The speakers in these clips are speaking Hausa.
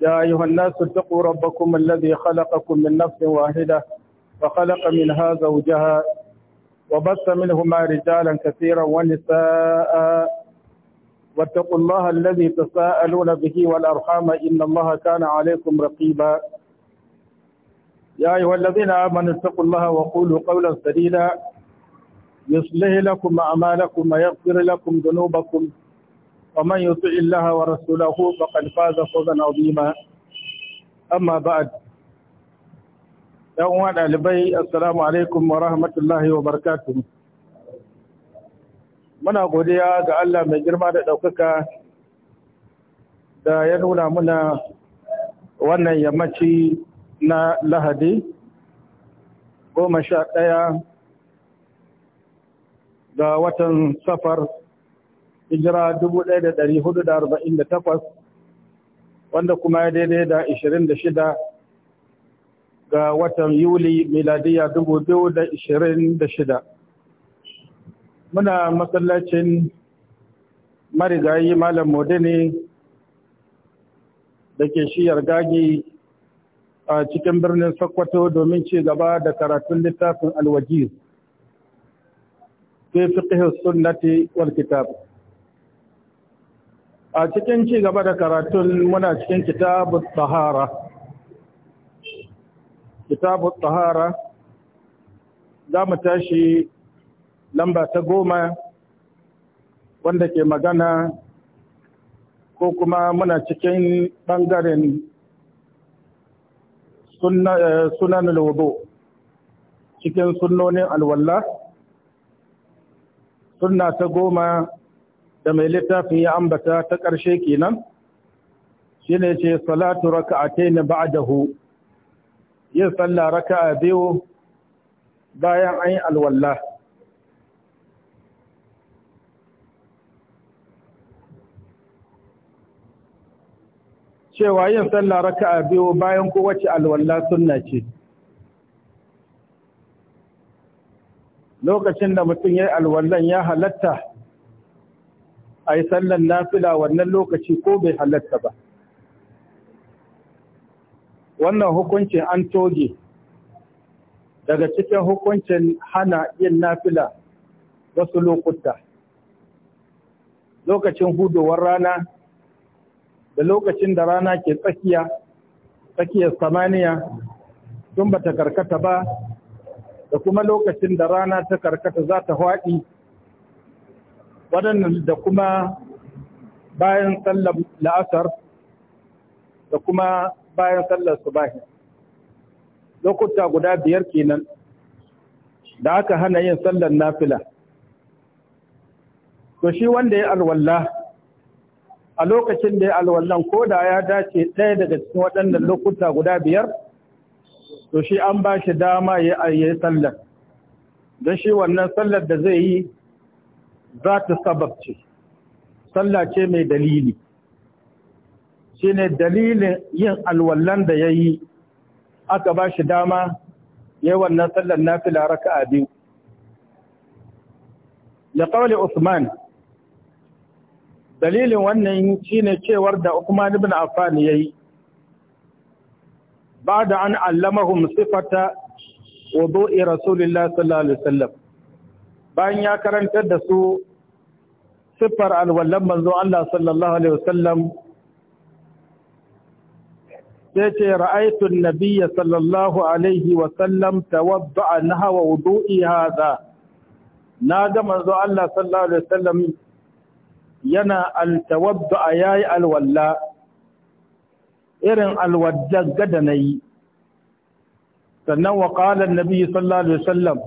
يا أيها الناس اتقوا ربكم الذي خلقكم من نفس واحدة وخلق منها زوجها وبث منهما رجالا كثيرا ونساء واتقوا الله الذي تساءلون به والأرحام إن الله كان عليكم رقيبا يا أيها الذين آمنوا اتقوا الله وقولوا قولا سديدا يصلح لكم أعمالكم ويغفر لكم ذنوبكم ومن يطع الله ورسوله فقد فاز فوزا عظيما أما بعد يوم ɗalibai asalamu alaikum wa rahmatullahi wa barakatuh muna godiya ga Allah mai girma da ɗaukaka da ya nuna muna wannan yammaci na lahadi goma sha ɗaya ga watan safar hijira 1448 wanda kuma ya daidai da 26 ga watan Yuli miladiya 2026. Muna masallacin marigayi Malam ne da ke shiyar gagi a cikin birnin Sokoto domin ci gaba da karatun littafin alwajiz. Fi fiqh sunnati wal kitab. a cikin ci gaba da karatun muna cikin kitabut tahara kitabut tahara za mu tashi lamba ta goma wanda ke magana ko kuma muna cikin ɓangaren eh, sunan lobo, cikin sunonin alwallah suna ta goma da mai littafin ya ambata ta ƙarshe kenan shi ne ce salatu raka a raka'atai na ba'dahu yin sallah a biyu bayan an yi alwallah cewa yin sallah a biyu bayan kowace alwallah sunna ce lokacin da mutum ya yi alwallan ya halatta a yi sallan nafila wannan lokaci ko bai halatta ba wannan hukuncin an toge daga cikin hukuncin hana yin nafila wasu lokuta lokacin hudowar rana da lokacin da rana ke tsakiya tsakiyar samaniya tun ba ta karkata ba da kuma lokacin da rana ta karkata za ta haɗi waɗannan da kuma bayan sallar la'asar da kuma bayan sallar subahi lokuta guda biyar kenan da aka hana yin sallar nafila to shi wanda ya alwalla a lokacin da ya alwallan ko da ya dace ɗaya daga cikin waɗannan lokuta guda biyar to shi an ba shi dama ya yi sallar don shi wannan sallar da zai yi za ta sabab ce sallah ce mai dalili shine dalilin yin alwallan da ya yi aka ba shi dama yi wannan sallar nafila raka'a biyu da kawai Usman dalilin wannan shine cewar da Usman ibn Affan yi. Ba da an صفة وضوء رسول wa صلى الله عليه وسلم Bayan ya karanta da su siffar alwallan manzo Allah sallallahu alaihi wasallam sai ce ra'aitun nabiyya sallallahu alaihi wasallam tawadda'a nahwa wudu'i hadha na ga manzo Allah sallallahu alaihi wasallam yana altawadda'a yayi alwalla irin alwajen gada na yi. sannan wa qala an sallallahu alaihi wasallam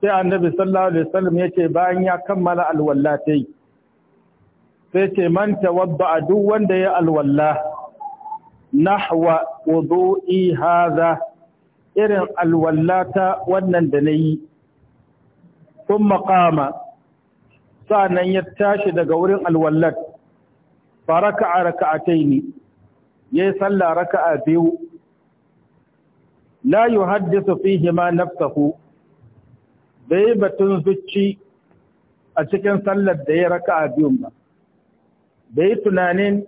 sai annabi sallallahu alaihi wasallam ce, bayan ya kammala alwallatai sai ce man tawadda duk wanda ya alwalla nahwa wudu'i hadha irin alwallata wannan da nayi thumma Sa nan ya tashi daga wurin alwallat faraka'a ne. yayi sallah raka'a biyu la yuhaddisu fihi ma nafsuhu bai batun zuci a cikin sallar da ya raka'a biyun ba bai tunanin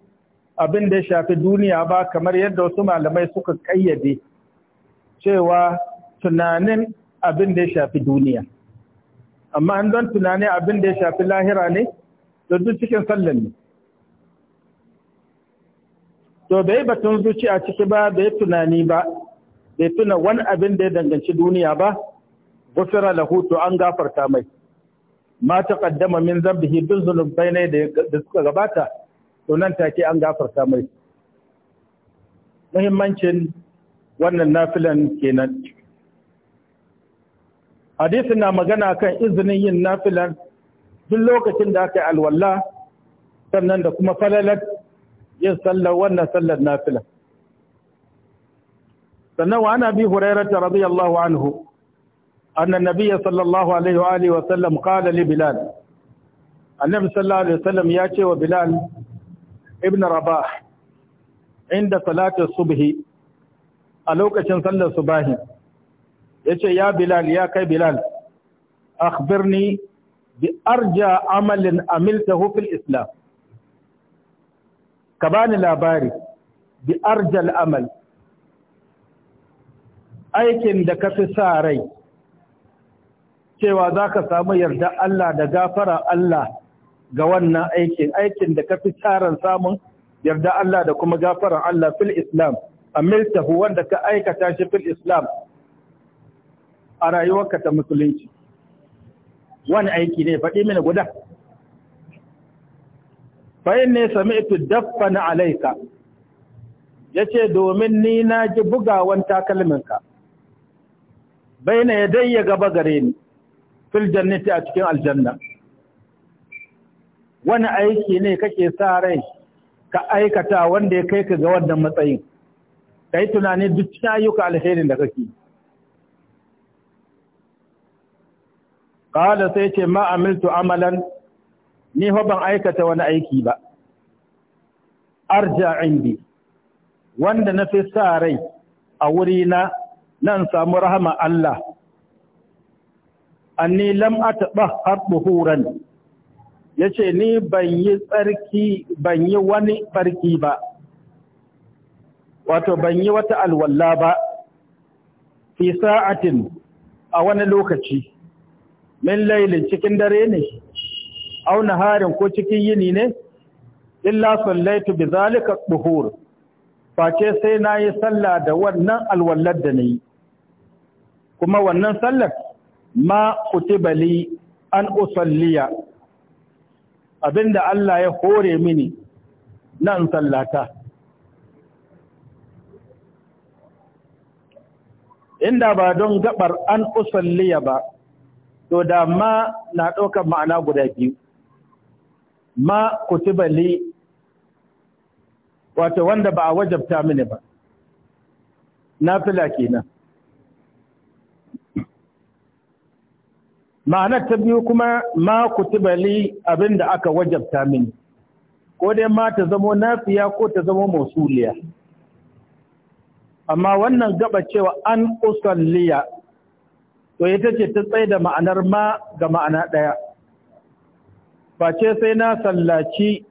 abin da ya shafi duniya ba kamar yadda wasu malamai suka kayyade cewa tunanin abin da ya shafi duniya amma an don tunanin abin da ya shafi lahira ne da duk cikin sallan ne to bai batun zuciya ciki ba bai tunani ba bai tuna wani abin da ya danganci duniya ba gufira lahutu an gafarta mai ma taqaddama min zambihi duk zunubai ne da suka gabata to nan take an gafarta mai muhimmancin wannan nafilan kenan hadisi na magana kan izinin yin nafilan duk lokacin da aka yi alwala sannan da kuma falalar yin sallar wannan sallar nafilan sannan wa ana bi hurairata radiyallahu anhu أن النبي صلى الله عليه وآله وسلم قال لبلال النبي صلى الله عليه وسلم ياتي وبلال ابن رباح عند صلاة الصبح ألوك شن صلى الصباح يتي يا بلال يا كي بلال أخبرني بأرجى عمل عملته في الإسلام كبان لاباري بأرجى العمل aikin da ka fi sa rai cewa za ka samu yarda Allah da gafara Allah ga wannan aikin aikin da ka fi tsarin samun yarda Allah da kuma gafara Allah fil Islam amiltahu wanda ka aikata shi fil Islam a rayuwarka ta musulunci wani aiki ne faɗi mini guda bayan ne sami'tu daffana Ya ce domin ni na ji bugawan takalminka bayna yadayya gaba gare ni fil jannati a cikin aljanna wani aiki ne kake sa rai ka aikata wanda ya kai ka ga wannan matsayin kai tunani duk cikin ayyuka alheri da kake qala sai ce ma amiltu amalan ni ho ban aikata wani aiki ba arja indi wanda na fi sa rai a wurina nan samu rahama Allah anni lam atbahhar buhuran yace ni ban yi tsarki ban yi wani barki ba wato ban yi wata alwala ba fi sa'atin a wani lokaci min lailin cikin dare ne au naharin ko cikin yini ne illa sallaitu bi zalika fa face sai nayi sallah da wannan alwallar da nayi kuma wannan sallar ma kutiba li an usalliya abinda Allah ya hore mini na in sallata inda ba don gabar an usalliya ba to da ma na ɗaukar ma'ana guda biyu ma kutiba li wato wanda ba a wajabta mini ba na fila kenan ma'anar ta biyu kuma ma ku tibali li abinda aka wajabta mini ko dai ma ta zamo nafiya ko ta zamo masuliya amma wannan gaba cewa an usalliya to ita ce ta tsaye da ma'anar ma ga ma'ana ɗaya face sai na sallaci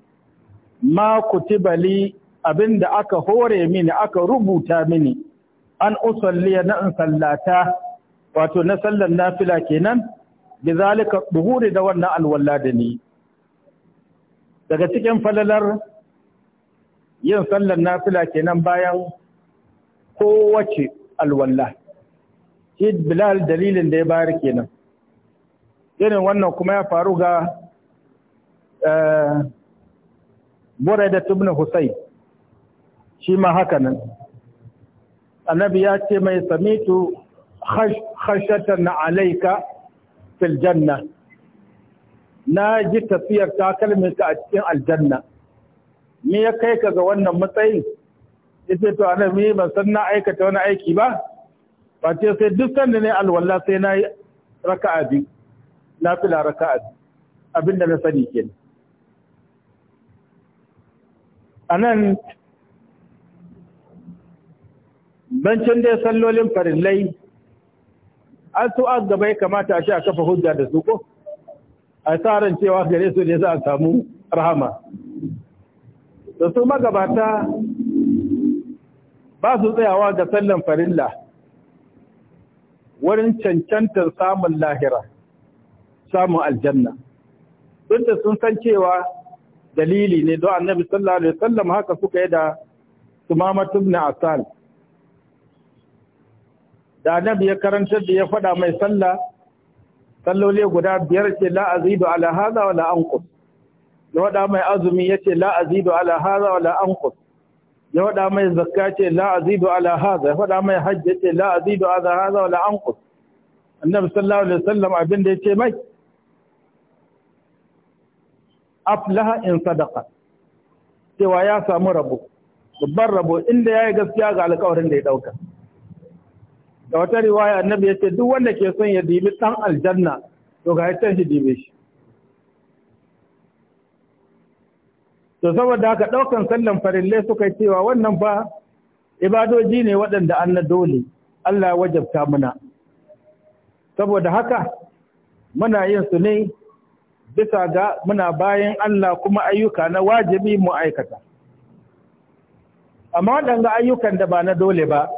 ma ku tibali li abinda aka hore mini aka rubuta mini an usalliya na in sallata wato na sallan nafila kenan bi buhuri da wannan alwala da ni daga cikin falalar yin sallar nafila kenan bayan kowace alwala shi bilal dalilin da ya bayar kenan irin wannan kuma ya faru ga eh, da tubna husai shi ma haka nan annabi ya ce mai samitu khashatan alaika fil janna na ji tafiyar ka a cikin aljanna me ya kai ka ga wannan matsayin yace to me ban san na aikata wani aiki ba ba ce sai duk sanda ne alwala sai na raka'a bi na fila raka'a abinda na sani kenan anan bancin da sallolin farillai an su an gaba ya kamata a sha kafa hujja da su ko a tsarin cewa gare su ne za a samu rahama da su magabata ba su tsayawa ga sallan farilla wurin cancantar samun lahira samun aljanna duk da sun san cewa dalili ne don annabi sallallahu alaihi wasallam haka suka yi da tumamatun na asal da annabi ya karantar da ya faɗa mai sallah Sallole guda biyar ce la azidu ala hadha wala anqus ya faɗa mai azumi yace la azidu ala hadha wala anqus ya faɗa mai zakka ce la azidu ala hadha ya faɗa mai hajji yace la azidu ala hadha wala anqus annabi sallallahu alaihi wasallam abin da yace mai aflaha in sadaqa cewa ya samu rabo babban rabo inda yayi gaskiya ga alƙawarin da ya dauka da wata riwaya annabi ya ce duk wanda ke son ya dibi san aljanna to ga yatan shi dibe shi to saboda haka ɗaukan sallan farille suka yi cewa wannan ba ibadoji ne waɗanda an na dole Allah wajabta muna saboda haka muna yin su ne bisa ga muna bayan Allah kuma ayyuka na wajibi mu aikata amma waɗanda ayyukan da ba na dole ba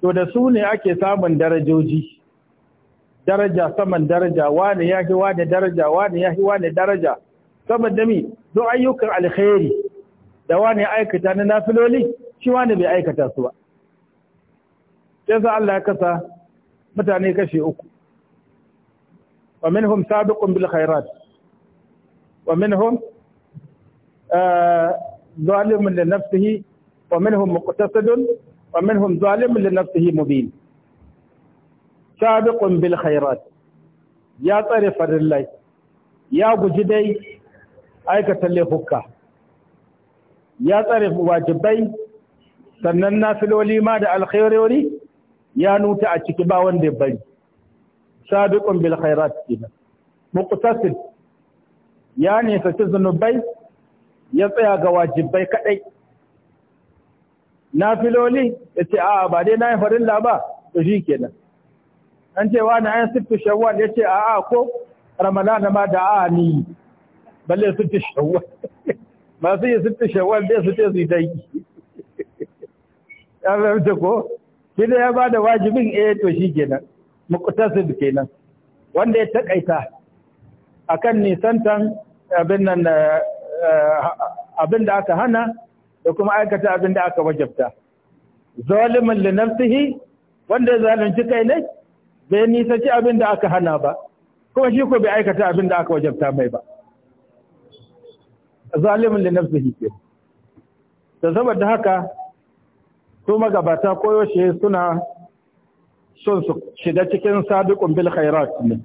to da su ne ake samun darajoji daraja saman daraja wani ya fi wani daraja wani ya fi wani daraja saman dami don ayyukan alkhairi da wani aikata na nafiloli shi wani bai aikata su ba sai sa Allah ya kasa mutane kashe uku wa minhum sabiqun bil khairat wa minhum eh, zalimun li nafsihi wa minhum muqtasidun ومنهم ظالم لنفسه مبين سابق بالخيرات يا طرف الله يا بجدي aikata laifuka ya tsare wajibai sannan nafiloli ma da alkhairori ya nuta a ciki bawan wanda ya bari sabiqun bil ya ne sace zunubai ya tsaya ga wajibai kaɗai. nafiloli ya ce a'a ba dai na yi farin laba to shi kenan an ce wa na ayan sittu shawwal ya ce a'a ko na ma da a'a ni balle sittu shawwal masu yi sittu shawwal dai su ce su yi danki ya fahimta ko shi ne ya ba da wajibin eh to shi kenan muqtasid kenan wanda ya takaita akan nisantan eh, abin da aka hana da kuma aikata abin da aka wajabta zalimin linafsihi, wanda wanda zalunci kai ne bai nisaci abin da aka hana ba kuma shi ko bai aikata abin da aka wajabta mai ba zalimin linafsihi ke da saboda haka su magabata koyaushe suna son su shiga cikin sabiqun bil khairat ne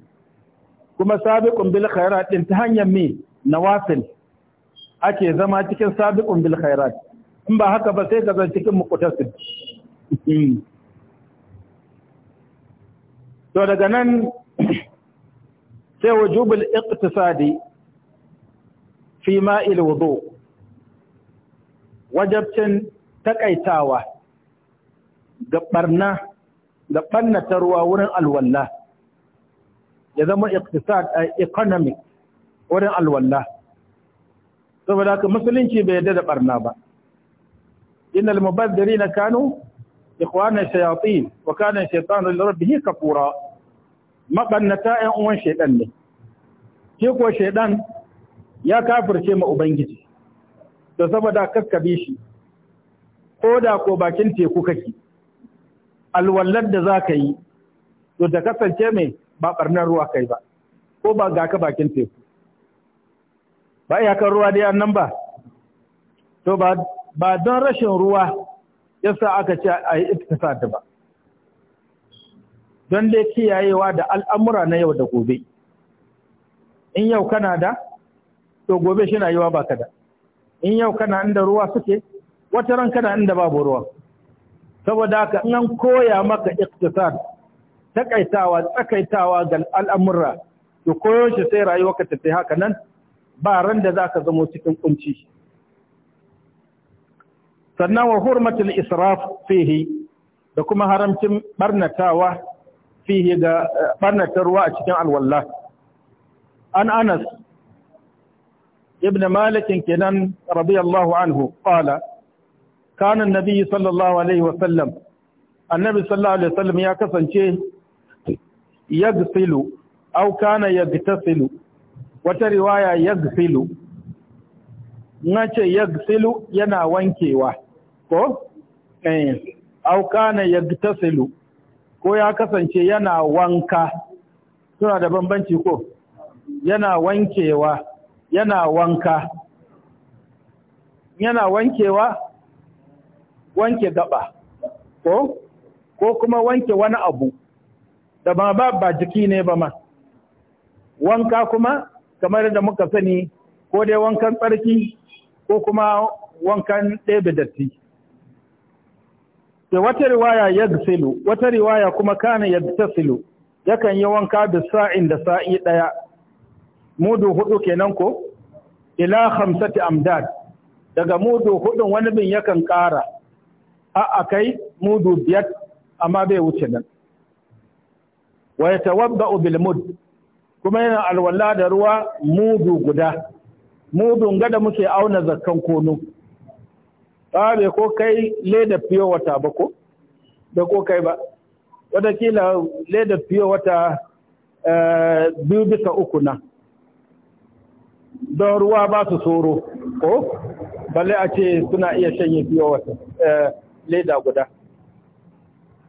kuma sabiqun bil khairat din ta hanyar na wafin ake zama cikin sabiqun bil khairat in ba haka ba sai ka zan cikin mukutasir hmm. to daga nan sai wajubil iqtisadi fi ma'il wudu wajabcin takaitawa ga barna da ɓannata ruwa wurin alwalla ya zama iktisad a eh, economic wurin alwalla saboda ka musulunci bai yadda da ɓarna ba innal mubaddirina kanu ikhwana shayatin wa kana shaytanu li rabbih kafura mabannata 'yan uwan shaydan ne ke ko shaydan ya kafirce ma ubangiji to ka bi shi ko da ko bakin teku kake alwallar da zaka yi to da kasance mai ba barnar ruwa kai ba ko ba ka bakin teku ba iyakan ruwa dai nan ba to ba ba don rashin ruwa ya sa aka ce a yi iktisad ba don dai kiyayewa da al'amura na yau da gobe in yau kana da to gobe shi na yiwa ba da. in yau kana inda ruwa suke wata ran kana inda babu ruwa saboda haka in an koya maka iktisad takaitawa takaitawa ga al'amura to koyo shi sai rayuwa ka tafi haka nan ba ran da za ka zamo cikin kunci sannan wa hurmatul israf fihi da kuma haramcin barnatawa fihi ga eh, barnatarwa a cikin alwallah an anas ibn malik kenan radiyallahu anhu qala kana annabi sallallahu alaihi wa sallam annabi sallallahu alaihi wa sallam ya kasance yagsilu aw kana yagtasilu wata riwaya yagsilu nace yagsilu yana wankewa ko eh au kana yagtasilu ko ya kasance yana wanka suna da bambanci ko yana wankewa yana wanka yana wankewa wanke gaba ko ko kuma wanke wani abu da ba ba ba jiki ne ba ma wanka kuma kamar da muka sani ko dai wankan tsarki ko kuma wankan ɗebe datti da wata riwaya ya yagsilu wata riwaya kuma kana yattasilu yakan yi wanka da sa'in da sa'i ɗaya. mudu hudu kenan ko ila hamsati amdad daga mudu hudun wani bin yakan ƙara. a akai mudu biyar amma bai wuce nan wa yatawadda'u bil mud kuma yana alwala da ruwa mudu guda mudun gada muke auna zakkan kono Babe bai ko kai leda fiye wata ba ko da ko kai ba watakila leda fiye wata eh, biyu bisa uku na don ruwa ba su tsoro ko Bale a ce suna iya shanye fiye wata eh, leda guda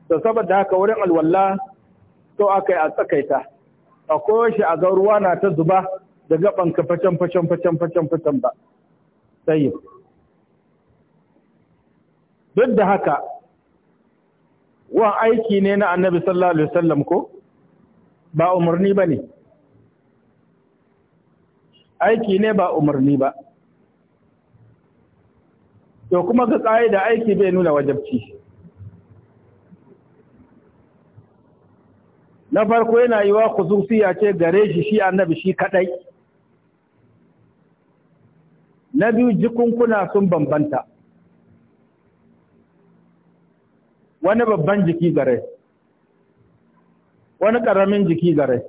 da saboda haka wurin alwallah to aka yi a tsakaita a koyaushe a ga ruwa na ta zuba da gaban ka facen facen facen facen facen ba sai duk da haka wa aiki ne na annabi sallallahu alaihi wasallam ko ba umarni ba ne aiki ne ba umarni ba to kuma ga da aiki bai nuna wajabci na farko yana yi wa ce gare shi shi annabi shi kadai na biyu jikunkuna sun bambanta wani babban jiki gare wani ƙaramin jiki gare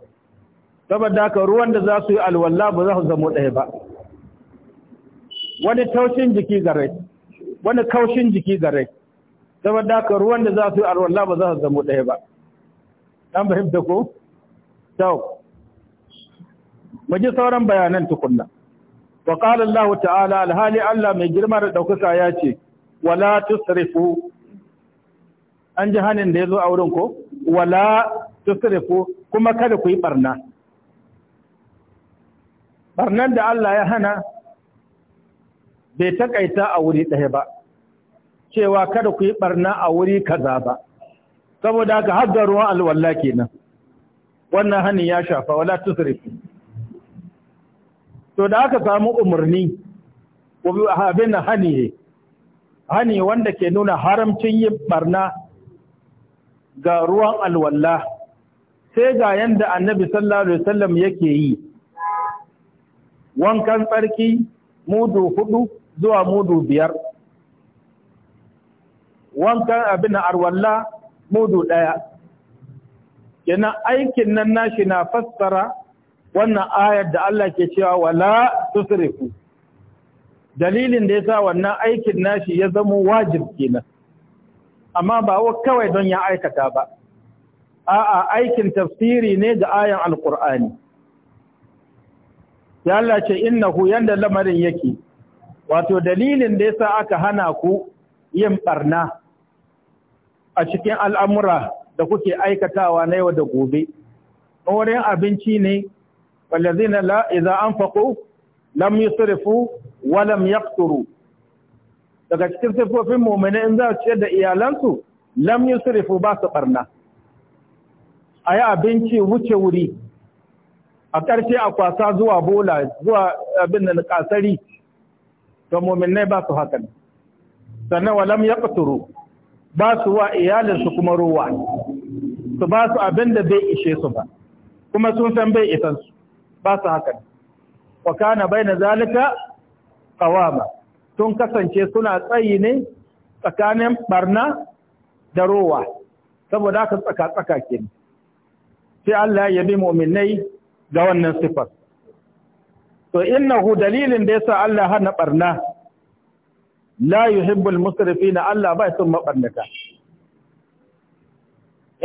saboda haka ruwan da za su yi alwala ba za su zamo ɗaya ba wani taushin jiki gare wani kaushin jiki gare saboda haka ruwan da za su yi alwala ba za su zamo ɗaya ba an fahimta ko? tau mu ji sauran bayanan tukunna wa qala Allah ta'ala alhali Allah mai girma da daukaka ya ce wala tusrifu an ji hannun da ya zo a wurin ko wala tusrifu kuma kada ku yi barna barnan da Allah ya hana bai takaita a wuri ɗaya ba cewa kada ku yi barna a wuri kaza ba saboda ka hadda ruwan alwala kenan wannan hannun ya shafa wala tusrifu to da aka samu umarni abin hani ne hani wanda ke nuna haramcin yin barna ga ruwan alwalla sai ga yanda annabi sallallahu alaihi wasallam yake yi wankan tsarki mudu hudu zuwa mudu biyar wankan abin alwala mudu daya kenan aikin nan nashi na fassara wannan ayar da Allah ke cewa wala tusrifu dalilin da yasa wannan aikin nashi ya zama wajib kenan amma ba wa kawai don ya aikata ba a'a aikin tafsiri ne ga ayan alqur'ani ya Allah ce innahu yanda lamarin yake wato dalilin da yasa aka hana ku yin ɓarna. a cikin al'amura da kuke aikatawa na yau da gobe wurin abinci ne zina la’iza an faƙo, lam yusrifu wa lam yaqturu daga cikin siffofin mummuni in za su ciyar da iyalansu lam yusrifu ba su barna a yi abinci wuce wuri a ƙarshe a kwasa zuwa bola zuwa abin da ƙasari to mummune ba su hakan sannan wa lam yaqturu ba su wa iyalinsu kuma ruwa su ba su abin da bai ishe su ba kuma sun san bai isansu ba su hakan wa kana na zalika qawama sun kasance suna tsayi ne tsakanin barna da rowa saboda haka tsaka-tsaka ke sai Allah ya bi mu'minai ga wannan sifar to innahu dalilin da ya sa Allah hana barna la yuhibbul na Allah bai son maɓarnaka.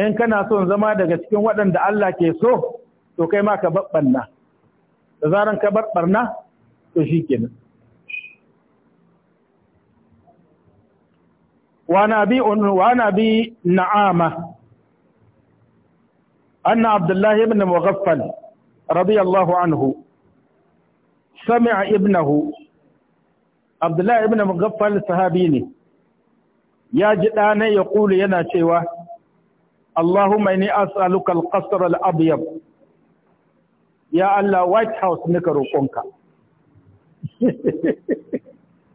in kana son zama daga cikin waɗanda Allah ke so to kai ma ka barna. da zaran ka barna, to shi kenan. وعن أبي, وعن أبي نعامة أن عبد الله بن مغفل رضي الله عنه سمع ابنه عبد الله بن مغفل صحابيني يا جدانا يقول ينا شيوا اللهم إني أسألك القصر الأبيض يا الله وايت هاوس نكرو قنكا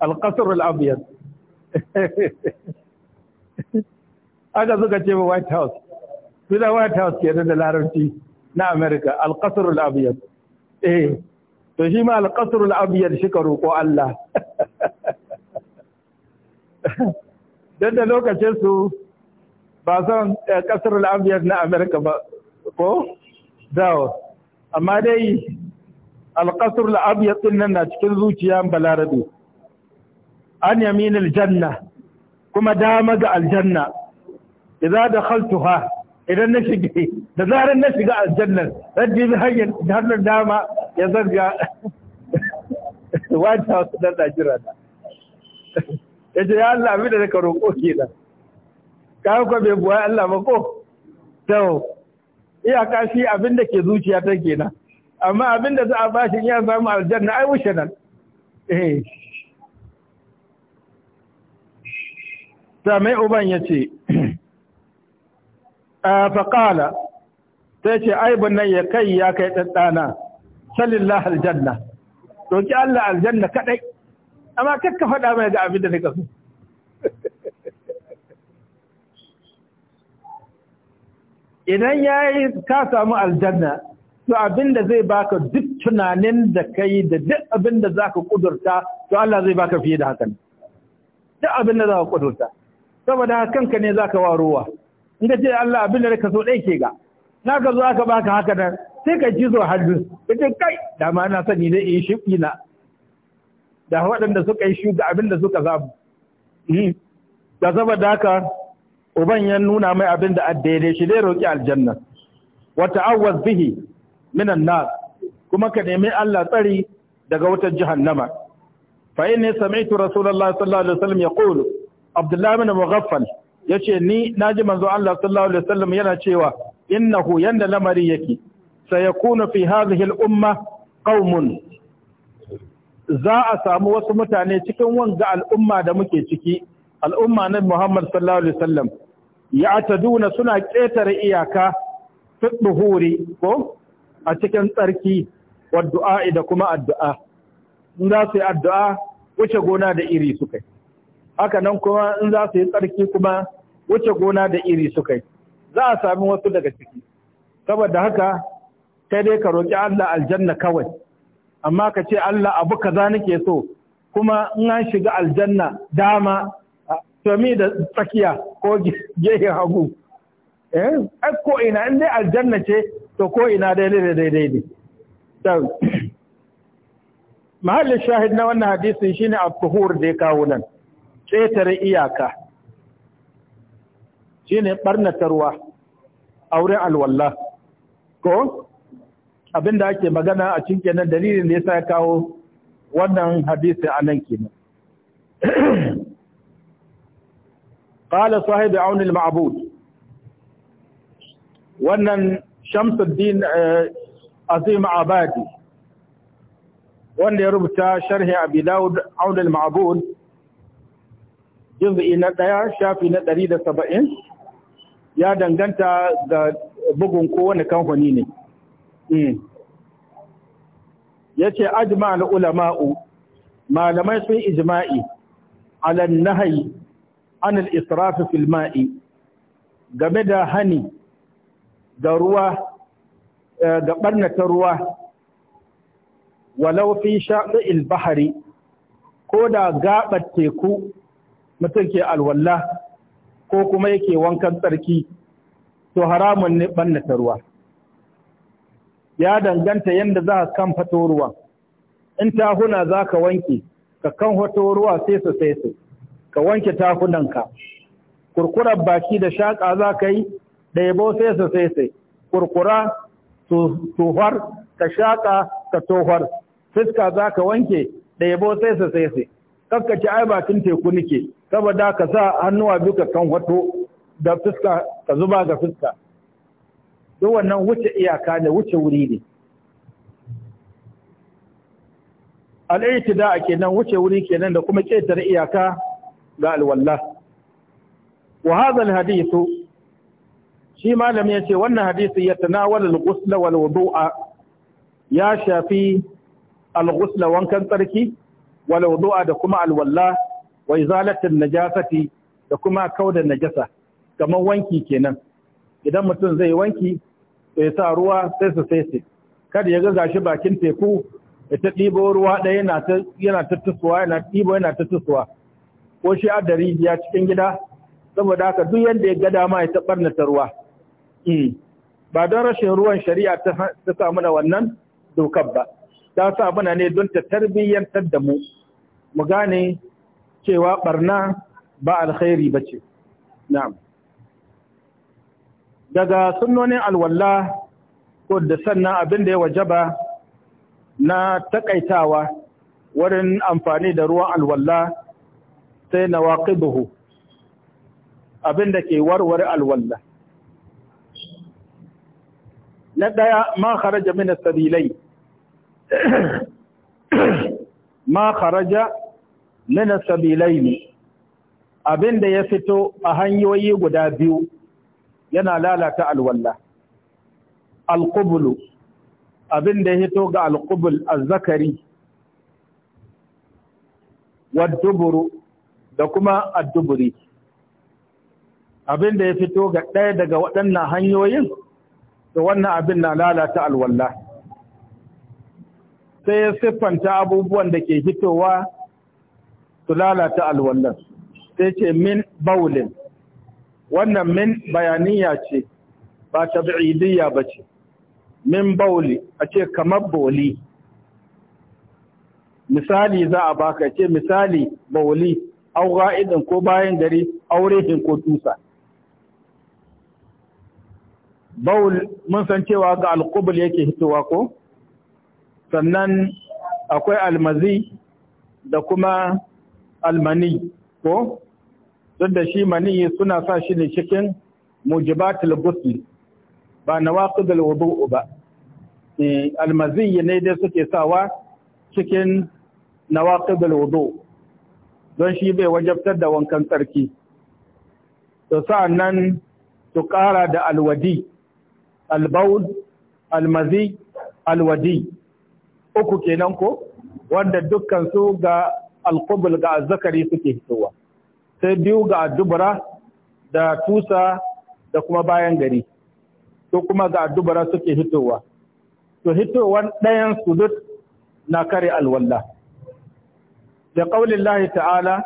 القصر الأبيض aka suka ce white house suna white house ke da larabci na america Alƙasarul abiyar eh to shi ma Alƙasarul abiyar shi ka roƙo allah don da lokacin su ba son kasarul eh, abiyar na america ba ko Zawo. amma dai alƙasarul abiyar ɗin nan na cikin zuciya balarabe an yamin janna kuma dama ga aljanna idza dakhaltuha idan na shige da zaran na shiga aljanna raddi bi hanyar hannun dama ya zarga wata wasu dan jira da ya ce ya Allah abin da naka roƙo kenan ka ko bai buwa Allah ba ko to iya shi abin da ke zuciya ta kenan amma abin da za a bashi ya samu aljanna ai wuce nan eh ta mai uban yace faƙala ta ce aibin nan ya kai ya kai ɗanɗana salillah aljanna doki Allah aljanna kaɗai amma kakka faɗa mai ga abin da nika so idan ya yi ka samu aljanna to abin da zai baka duk tunanin da ka yi da duk abin da za ka ƙudurta to Allah zai baka fiye da hakan duk abin da za ka ƙudurta saboda kanka ne za ka ruwa. in ka ce Allah abin da ka so ɗai ke ga na ka zo aka baka haka nan sai ka cizo hannu ka ce kai da ma na sani ne in shi na da waɗanda suka yi shuga abin da suka samu hmm. da saboda haka uban ya nuna mai abin da ya shi dai roƙi aljanna Wata ta'awwaz bihi minan nas kuma ka nemi Allah tsari daga wutar jahannama fa inni sami'tu rasulullahi sallallahu alaihi wasallam yaqulu abdullah ibn mughaffal yace ni ji manzo Allah sallallahu alaihi wasallam yana cewa innahu yanda lamari yake sayakunu fi hadhihi al-umma qaumun za a samu wasu mutane cikin wanga al'umma da muke ciki al'umma na Muhammad sallallahu alaihi wasallam ya'taduna suna ƙetare iyaka fi duhuri ko a cikin tsarki wa du'a da kuma addu'a in za su yi addu'a wuce gona da iri kai haka nan kuma in za su yi tsarki kuma wuce gona da iri suka yi za a sami wasu daga ciki saboda haka sai dai ka roƙi Allah aljanna kawai amma ka ce Allah abu kaza nake so kuma in an shiga aljanna dama to mi da tsakiya ko gehen hagu eh ko ina in dai aljanna ce to ko ina daidai daidai mahallin shahid na wannan hadisin shine at da ya kawo nan ƙetare iyaka ɓarnatarwa ɓarnatarwa aure alwalla ko abin da ake magana a cikin kenan dalilin da sa ya kawo wannan hadisi a nan kenan ƙala sahib aun al Ma'abud, wannan shamsuddin eh, azim abadi wanda ya rubuta sharhi abi daud aun Ma'abud, mabud na ɗaya shafi na 170 ya danganta ga bugun kowane kamfani ne hmm. ya ce ajma ulama'u malamai sun ijma'i alan nahai anil israfi filma'i game da hani ga ruwa ga eh, ɓarnata ruwa walau fi sha'il bahari ko da gaɓar teku mutum ke alwallah ko kuma yake wankan tsarki to haramun ne ɓannata ruwa ya danganta yadda za ka kan fato ruwa in tahuna za ka wanke ka kan fato ruwa sai su sai su ka wanke tahunanka kurkurar baki da shaƙa za ka yi da yabo sai su sai sai, kurkura tohar, ka shaƙa ka tohar fuska za ka wanke da yabo sai su sai sai, kakkaci ai bakin teku nike saboda ka sa hannuwa duka kan wato da fuska ka zuba ga fuska duk wannan wuce iyaka ne wuce wuri ne al'itida kenan wuce wuri kenan da kuma ƙetare iyaka ga alwallah wa hadha alhadithu shi malami yace wannan hadisi ya tanawala alghusl wal wudu'a ya shafi alghusl wankan tsarki wal wudu'a da kuma alwallah wa izalatin najasati da kuma kauda najasa kamar wanki kenan idan mutum zai wanki ya sa ruwa sai su sai kada ya ga shi bakin teku ya ta ɗibo ruwa ɗaya yana ta yana tusuwa yana ɗibo yana ta tusuwa ko shi a ya cikin gida saboda haka duk yanda ya ga dama ya ta barnata ruwa hmm. ba don rashin ruwan shari'a ta sa mana wannan dokar ba ta sa mana ne don ta tarbiyyantar da mu mu gane cewa barna ba alkhairi ba ce na'am daga sunnonin alwalla ko da sannan abin da ya ba na takaitawa wurin amfani da ruwan alwalla sai na waqibuhu abin da ke warware alwalla na ɗaya ma kharaja mina sabilai ma kharaja min sabilaini abin da ya fito a hanyoyi guda biyu yana lalata alwalla alqublu abin da ya fito ga alqubul azzakari wadduburu da kuma adduburi abin da ya fito ga ɗaya daga waɗannan hanyoyin to wannan abin na lalata alwalla sai ya siffanta abubuwan da ke fitowa su lalata alwallon, sai ce min baulin wannan min bayaniya ce ba bi'idiyya ba ce min bauli a ce kamar boli misali za a baka ce misali bauli au ra'idin ko bayan gari aurehin ko tusa baul mun san cewa ga alqubul yake hitowa ko sannan akwai almazi da kuma almani ko duk da shi mani suna sa shi ne cikin mujibatul ghusl ba nawaqidul wudu ba eh ne da suke sawa cikin nawaqidul wudu don shi bai wajabtar da wankan tsarki to sa'annan su ƙara da alwadi albaud almazi alwadi uku kenan ko wanda dukkan su ga alqubul ga azzakari suke hitowa sai biyu ga dubura da tusa da kuma bayan gari to kuma ga dubura suke hitowa to hitowar ɗayan su na kare alwalla da ƙaunin lahi ta'ala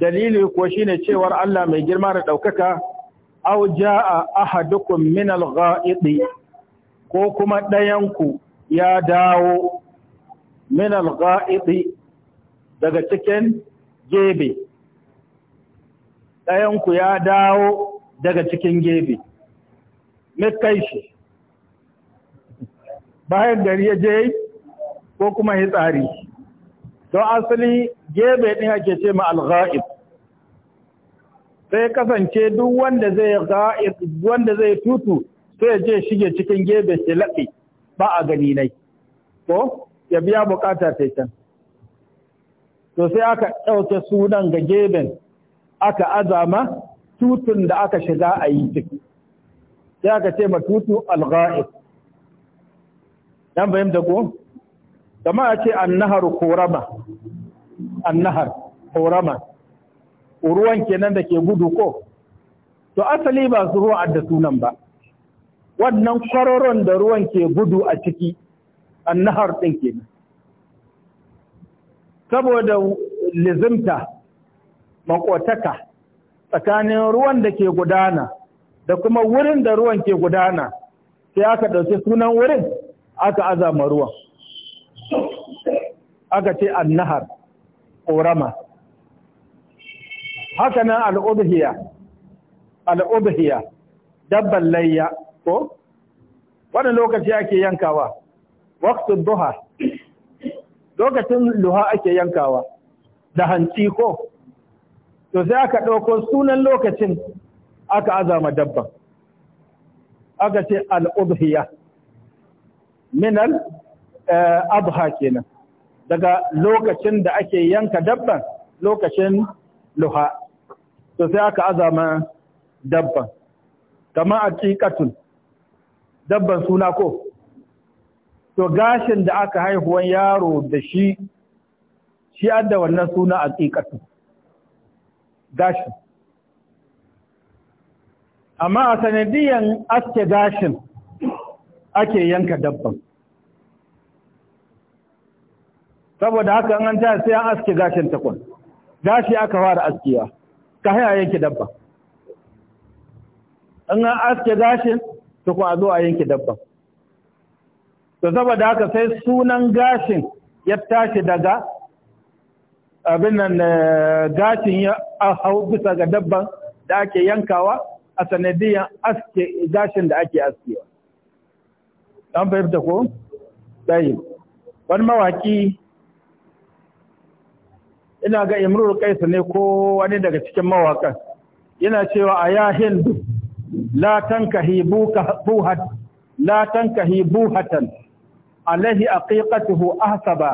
dalili ko shine cewar Allah mai girma da ɗaukaka au ja'a ahadukum min al-gha'idi ko kuma ɗayanku ya dawo min al-gha'idi daga cikin gebe ɗayanku ya dawo daga cikin gebe kai shi bayan gari ya je ko kuma ya tsari don asali gebe ɗin ake ce ma alga'ib sai kasance duk wanda zai ga'ib wanda zai tutu sai je shige cikin gebe shi laɓe ba a gani nai ko ya biya bukata sai can to sai aka ɗauke sunan ga geben aka azama tutun da aka shiga a yi ciki sai aka ce ma tutu alga'ib dan bayan da ko kama a ce annahar korama annahar korama ruwan kenan da ke gudu ko to asali ba su ruwa da sunan ba wannan kwaroron da ruwan ke gudu a ciki annahar ɗin kenan saboda lizimta makotaka tsakanin ruwan da ke gudana da kuma wurin da ruwan ke gudana sai aka ɗauki sunan wurin aka azama ruwan aka ce annahar ƙorama haka nan al'ubhiya al'ubhiya dabban layya ko wani lokaci ake yankawa waktun duha lokacin luha ake yankawa da hanci ko to sai aka ɗauko sunan lokacin aka azama dabba aka ce al'udhiya minal eh, abha kenan daga lokacin da ake yanka dabban lokacin luha to sai aka azama dabban kama a dabban suna ko to gashin da aka haihuwan yaro da shi shi adda wannan suna a tsikatu gashin amma a sanadiyan aske gashin ake yanka dabban saboda haka an ta sai an aske gashin takwan gashi aka fara askewa ka haya yanke dabban in an aske gashin tukun a zo a yanke dabban to saboda haka sai sunan gashin ya tashi daga abin nan eh, gashin ya hau bisa ga dabban da ake yankawa a sanadiyan aske gashin da ake askewa an fahimta ko? tsayi wani mawaki ina ga imrul kaisu ne ko wani daga cikin mawakan yana cewa a ya hindu la tankahi buhatan alaihi aqiqatuhu ahsaba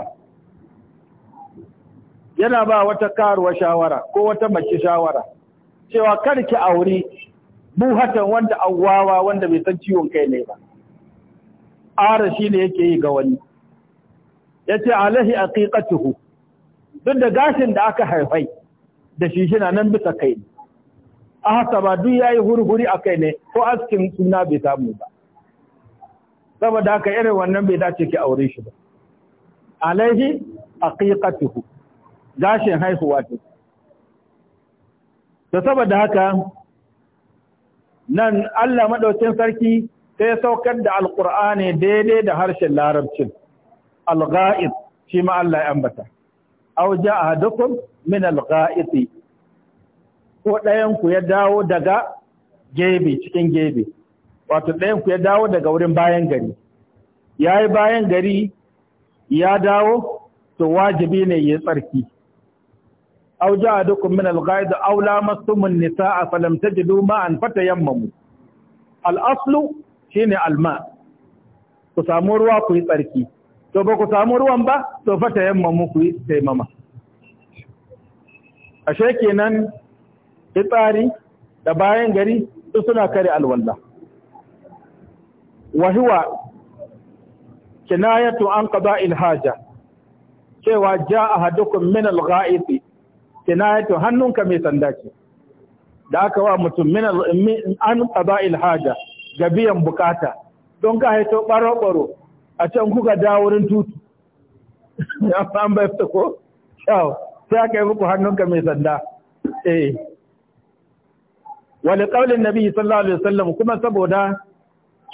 yana ba wata karuwa shawara ko wata mace shawara cewa karki aure buhatan wanda awwawa wanda bai san ciwon kai ne ba ara shine yake yi ga wani yace alaihi aqiqatuhu duk da gashin da aka haifai da shi shi nan bisa kai ne a haka duk yayi hurhuri a kai ne ko askin suna bai samu ba saboda haka irin wannan bai dace ki aure shi ba alaihi aqiqatuhu gashin haihuwa ce to saboda haka nan Allah madaukin sarki sai ya saukar da alqur'ani daidai da harshen larabcin alghaib shi ma Allah ya ambata aw ja'a hadukum min alga'iti ko ɗayan ku ya dawo daga gebe cikin gebe wato ɗayan ku ya dawo daga wurin bayan gari ya yi bayan gari ya dawo to wajibi ne ya tsarki aw dukkan min al aula aw lamastum an-nisaa falam tajidu ma'an fatayammamu al-aslu shine al-ma ku samu ruwa ku yi tsarki to ba ku samu ruwan ba to fatayammamu ku yi taimama ashe kenan fitsari da bayan gari su suna kare alwallah wa huwa kinayatu an qada'il haja cewa ja ahadukum min al-gha'ib kinayatu hannunka mai sanda ce da aka wa mutum min an qada'il haja gabiyan bukata don ka haito baro baro a can kuka dawo wurin tutu Ya an bai fita ko yau sai aka yi muku hannunka mai sanda eh wani ƙaunin nabi sallallahu alaihi wasallam kuma saboda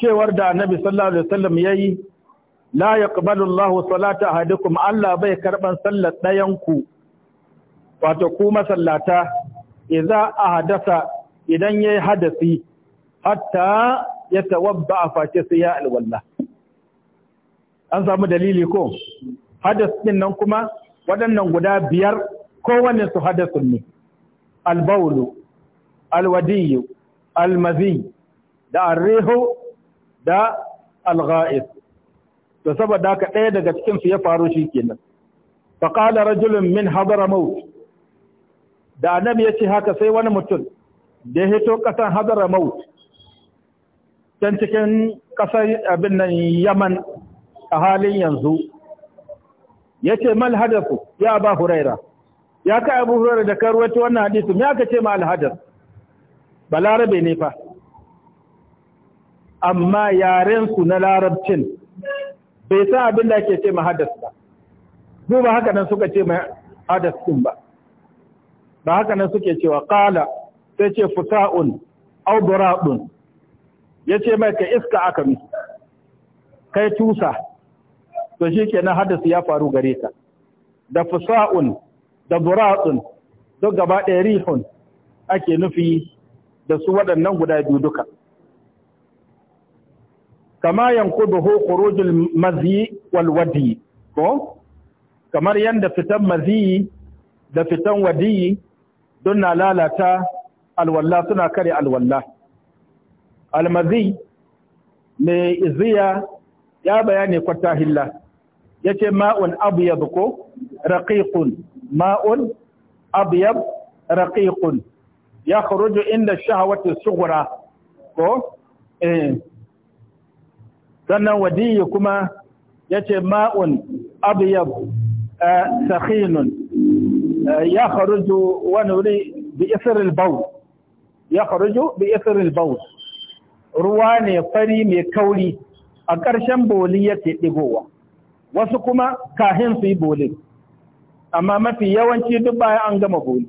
cewar da annabi sallallahu alaihi wasallam yayi la yaqbalu Allahu salata ahadikum Allah bai karban sallar dayan ku wato ku masallata idza ahadasa idan yayi hadasi hatta yatawabba face sai ya alwalla an samu dalili ko hadas din nan kuma waɗannan guda biyar kowanne su hadasun ne albaulu alwadiyu almazi da arrihu da al-gha'ib to saboda ka ɗaya daga cikin su ya faru shi kenan fa qala rajulun min maut da ya ce haka sai wani mutum da ya hito kasan maut can cikin kasar abin nan Yaman a halin yanzu yace mal hadafu ya ba huraira ya ka abu huraira da karwaci wannan hadisi me aka ce ma al balarabe ne fa amma yarensu na larabcin bai san abin da ake ce mahadas ba su ba haka nan suka ce mahadas din ba ba haka nan suke cewa qala sai ce fusa'un aw bura'un yace mai ka iska aka mi kai tusa to shi nan hadas ya faru gare ka da fusa'un da bura'un duk gaba ɗaya rihun ake nufi da su waɗannan guda biyu duka kama yanquduhu khurujul mazi wal wadi ko kamar yanda fitan mazi da fitan wadi don na lalata alwalla suna kare alwalla almazi mai iziya ya bayani kwata hilla ya ce ma'un abuyab ko raƙiƙun ma'un abuyab raƙiƙun ya kuruju inda shahawatu sugura ko eh sannan wadiyi kuma ya ce ma'un abyab eh, sahinun eh, ya kharuju wani wuri bi isiril bau ya bi isiril bau ruwa ne fari mai kauri a ƙarshen boli ya yake ɗigowa wasu kuma kahin su yi boli amma mafi yawanci duk bayan an gama boli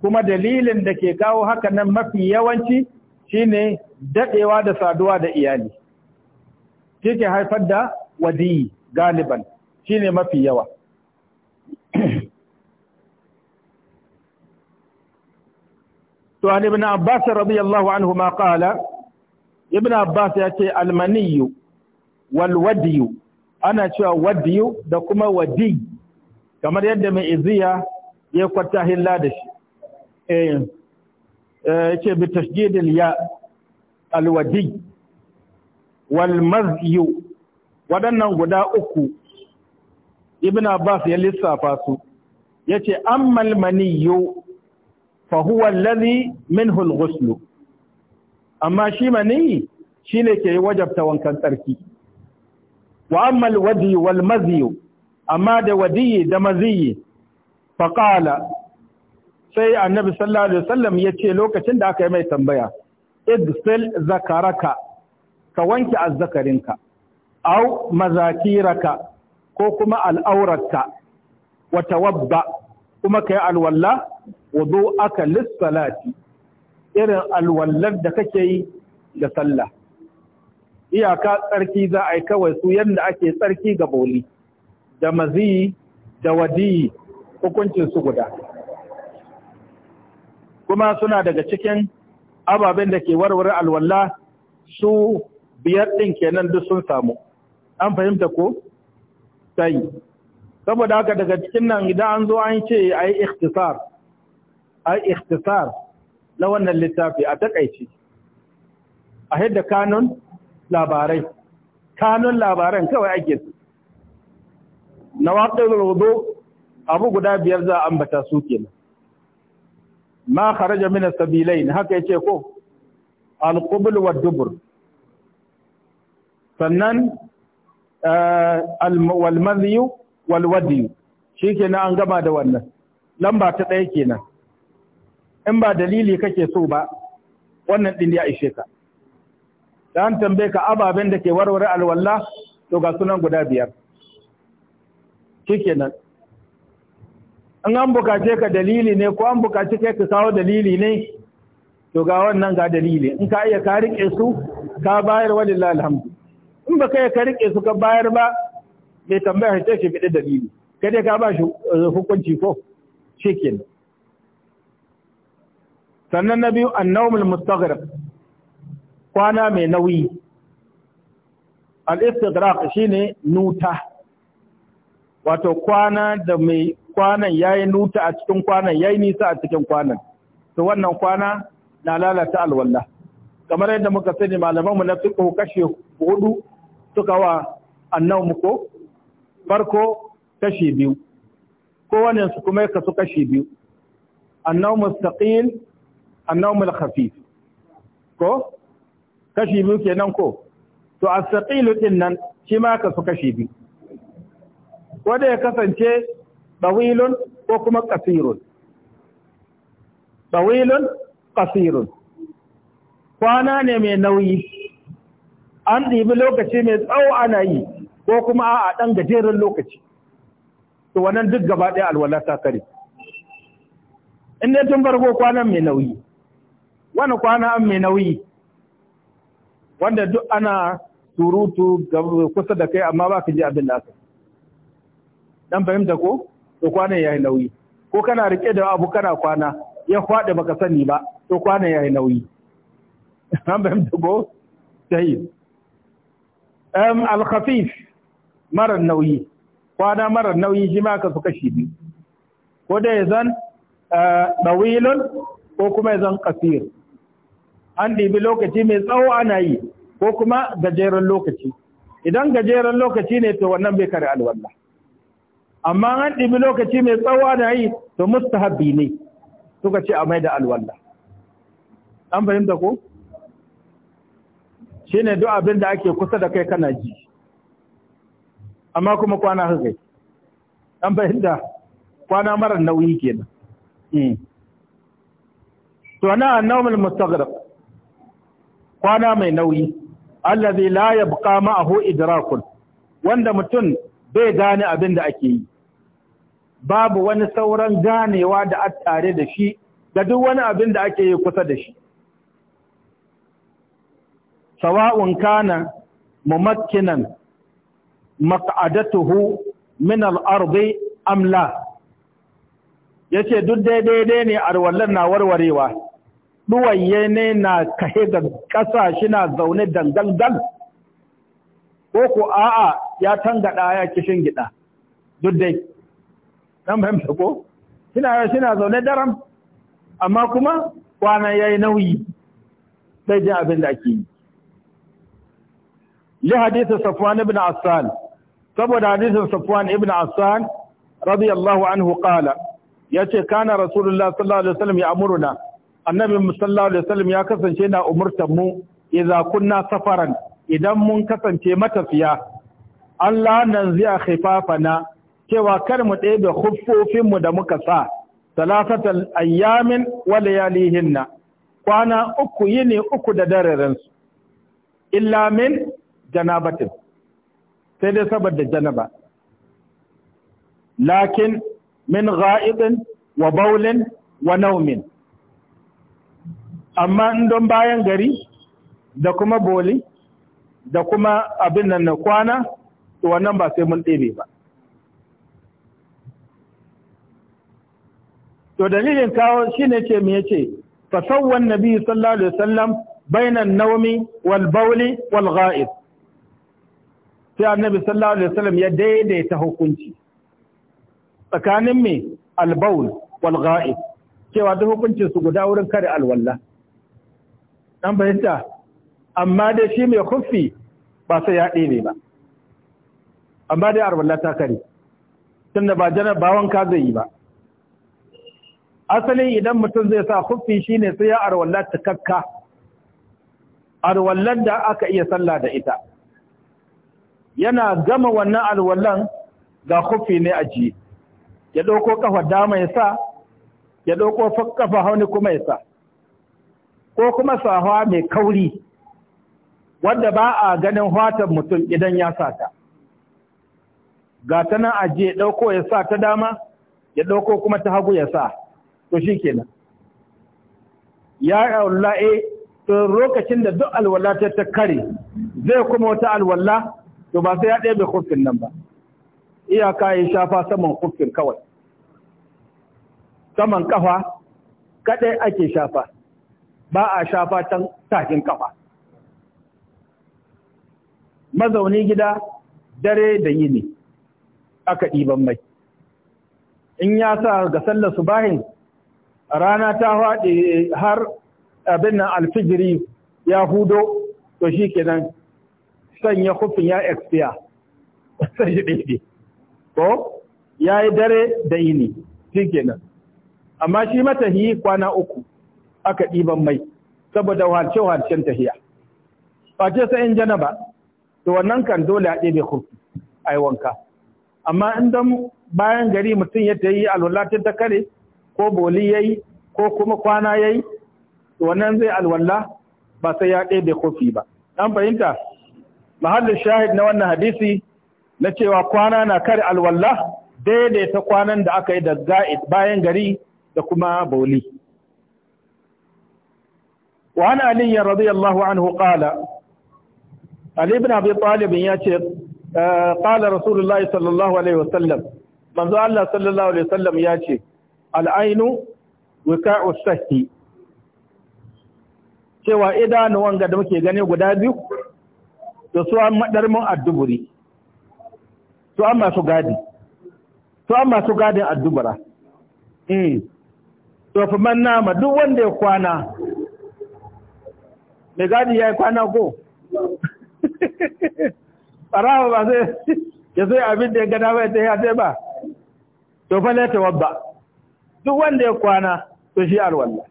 kuma dalilin da ke kawo haka nan mafi yawanci shine daɗewa da saduwa da iyali shi ke haifar da wadiyi galiban shi ne mafi yawa to an ibn abbas radiyallahu anhu ma qala ibn abbas yace almaniyu wal wadiyu ana cewa wadiyu da kuma wadi kamar yadda mai iziya ya kwata hilla da shi eh, eh ce bi tashdidil ya alwadi wal mazyu waɗannan guda uku ibn abbas ya lissafa su yace ammal Maniyu, fa huwa alladhi minhu amma shi shi ne ke wajabta wankan tsarki wa Ammal wadi wal amma da wadiyi da maziyi fa qala sai annabi sallallahu alaihi wasallam yace lokacin da aka yi mai tambaya idsil zakaraka ka wanke azzakarinka au mazakiraka ko kuma al'aurarka wa tawabba kuma kai alwalla wudu aka lissalati irin alwallar da kake yi da sallah iyaka tsarki za a yi kawai su yadda ake tsarki ga boli da maziyi da wadiyi hukuncin su guda kuma suna daga cikin ababen da ke warware alwalla su biyar ɗin kenan duk sun samu an fahimta ko sai saboda haka daga cikin nan idan an zo an ce a yi ikhtisar a yi ikhtisar na wannan littafi a takaici a yadda kanun labarai kanun labaran kawai ake su na waƙin rodo abu guda biyar za a ambata su kenan ma kharaja min sabilain haka yace ko al-qubl wa dubur sannan walmaziyu eh, walwadiyu shi kenan an gama da wannan lamba ta ɗaya kenan in ba dalili kake so ba wannan ɗin ya ishe ka da an tambaye ka ababen da ke warware alwallah to ga sunan guda biyar shi kenan in an bukace ka dalili ne ko an bukace kai ka kawo dalili ne to ga wannan ga dalili in ka iya ka riƙe su ka bayar wa lillahi alhamdu in ba kai ka rike su ka bayar ba mai tambaya ta shi da dalili kai ka ba shi eh, hukunci ko shikin sannan na biyu annawmul mustaghrib kwana mai nauyi al-istighraq shine nuta wato kwana da mai kwanan yayi nuta a cikin kwanan yayi nisa a cikin kwanan to wannan kwana na lalata alwalla kamar yadda muka sani malaman mu na fiqh kashi hudu suka wa annawmu ko farko kashi biyu kowane su kuma ka su kashi biyu annawmu mustaqil annawmu al-khafif ko kashi biyu kenan ko to as-saqil nan shi ma ka su kashi biyu wanda ya kasance dawilun ko kuma qasirun dawilun qasirun kwana ne mai nauyi an ɗibi lokaci mai tsawo ana yi ko kuma a ɗan gajeren lokaci to wannan duk gaba ɗaya alwala ta kare in dai tun farko kwanan mai nauyi wani kwana an mai nauyi wanda duk ana surutu kusa da kai amma ba ka ji abin da aka dan fahimta ko to kwanan yi nauyi ko kana rike da abu kana kwana ya kwaɗe baka sani ba to kwanan yi nauyi dan fahimta ko sai um, alkhafif marar nauyi kwana marar nauyi shi ma ka su kashi biyu ko da ya zan dawilun eh, ko kuma ya zan kasir an ɗibi lokaci mai tsawo ana yi ko kuma gajeren lokaci idan gajeren lokaci ne to wannan bai kare alwala amma an ɗibi lokaci mai tsawo ana yi to mustahabbi ne suka ce a mai da alwala an fahimta ko ne duk abin da ake kusa da kai kana ji amma kuma kwana haka an fahimta kwana mara nauyi kenan hmm. to na annawmul mustaghraq kwana mai nauyi allazi la yabqa ma'ahu idrakun wanda mutum bai gane abin da ake yi babu wani sauran ganewa da a tare da shi da duk wani abin da ake yi kusa da shi sawa'un kana mumakkinan maq'adatuhu min al-ardi am la yace duk daidai ne arwallan na warwarewa duwaye ne na kahe ga ƙasa shi na zaune dangalgal ko ko a'a ya tangada ya kishin gida duk dai dan fahimta ko kina kina zaune daram amma kuma kwana yayi nauyi sai ji abin da ake yi li hadithin Safwan ibn Asal saboda hadisin Safwan ibn Asal radiyallahu anhu qala yace kana Rasulullah sallallahu alaihi wasallam ya amuruna annabi sallallahu alaihi wasallam ya kasance na umurtan mu idza kunna safaran idan mun kasance matafiya Allah nan zai khifafana cewa kar mu ɗebe huffofin mu da muka sa salasatal ayyamin wa layalihinna kwana uku yini uku da dararensu illa min janabatin sai dai saboda janaba lakin min gha'idin wa baulin wa naumin amma in don bayan gari da kuma boli da kuma abin nan na kwana to wannan ba sai mun ɗebe ba to dalilin kawo shine ce me yace fa sawwan nabi sallallahu alaihi wasallam bainan naumi wal bauli wal gha'id sai annabi sallallahu alaihi wasallam ya daidaita hukunci tsakanin me albaul wal ghaib cewa duk hukuncin su guda wurin kare alwalla dan bayyana amma dai shi mai khuffi ba sai ya ɗebe ba amma dai alwalla ta kare tunda ba janar bawon ka zai yi ba asali idan mutum zai sa khuffi shine sai ya arwalla takakka arwallan da aka iya sallah da ita yana gama wannan alwallan ga kufi ne a ji ya ɗauko ƙafa dama ya sa ya ɗauko ƙafa hauni kuma ya sa ko kuma sahawa mai kauri wadda ba a ganin watan mutum idan ya sa ta ga ta nan ji ya ɗauko ya sa ta dama ya ɗauko kuma ta hagu ya sa to shi kenan ya ƙaunla'e eh, to lokacin da duk alwala ta ta kare zai kuma wata alwala to ba sai ya mai kufin nan ba iyaka ya shafa saman kufin kawai saman kafa kaɗai ake shafa ba a shafa can tafin kafa mazauni gida dare da yini aka ɗiban mai in ya sa ga sallar subahin rana ta haɗe har abin nan alfijiri ya hudo to shi kenan sanya hufin ya expire sai shi daidai ko ya yi dare da yini shi kenan amma shi matahi kwana uku aka ɗiban mai saboda wahalce-wahalcen tahiya face sai in janaba to wannan kan dole a ɗebe hufi a yi wanka amma in don bayan gari mutum ya tayi alwalatin ta kare ko boli ya yi ko kuma kwana ya yi wannan zai alwala ba sai ya ɗebe kofi ba an fahimta mahallin shahid na wannan hadisi na cewa kwana na kar alwalla daidaita kwanan da aka yi da ga'id bayan gari da kuma bauli wa ana aliyya radiyallahu anhu kala. ali ibn abi Talibin ya ce kala eh, rasulullahi sallallahu alaihi wasallam manzo Allah sallallahu alaihi wasallam ya ce al'ainu wika'u sahi cewa idanuwan ga da muke gani guda biyu to su an mun adduburi su an masu gadi su an masu gadin addubura hmm. to fi man nama duk wanda ya kwana mai gadi ya yi kwana ko ɓarawa ba sai ya zai abin da ya gada bai ta yi ba to fa la tawabba duk wanda ya kwana to shi alwala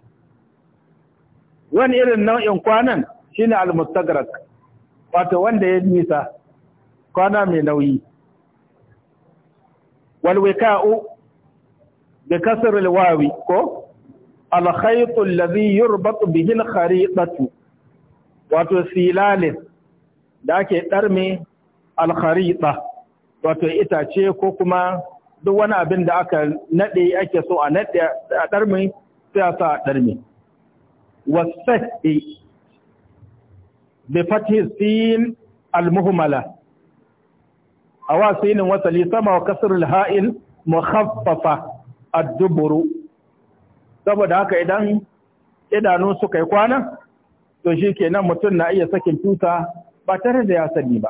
wani irin nau'in kwanan shine al-mustagrak wato wanda ya nisa kwana mai nauyi walwika'u da kasar wawi ko alkhayt alladhi yurbatu bihi alkhariqatu wato silalin da ake darme alkhariqa wato itace ko kuma duk wani abin da aka naɗe ake so a naɗe a ɗarme sai a sa a darme wasai bi fathi sin al-muhmala awa sinin wasali sama wa kasr al-ha'il mukhaffafa ad saboda haka idan idanu suka yi kwana to shi nan mutum na iya sakin tuta ba tare da ya sani ba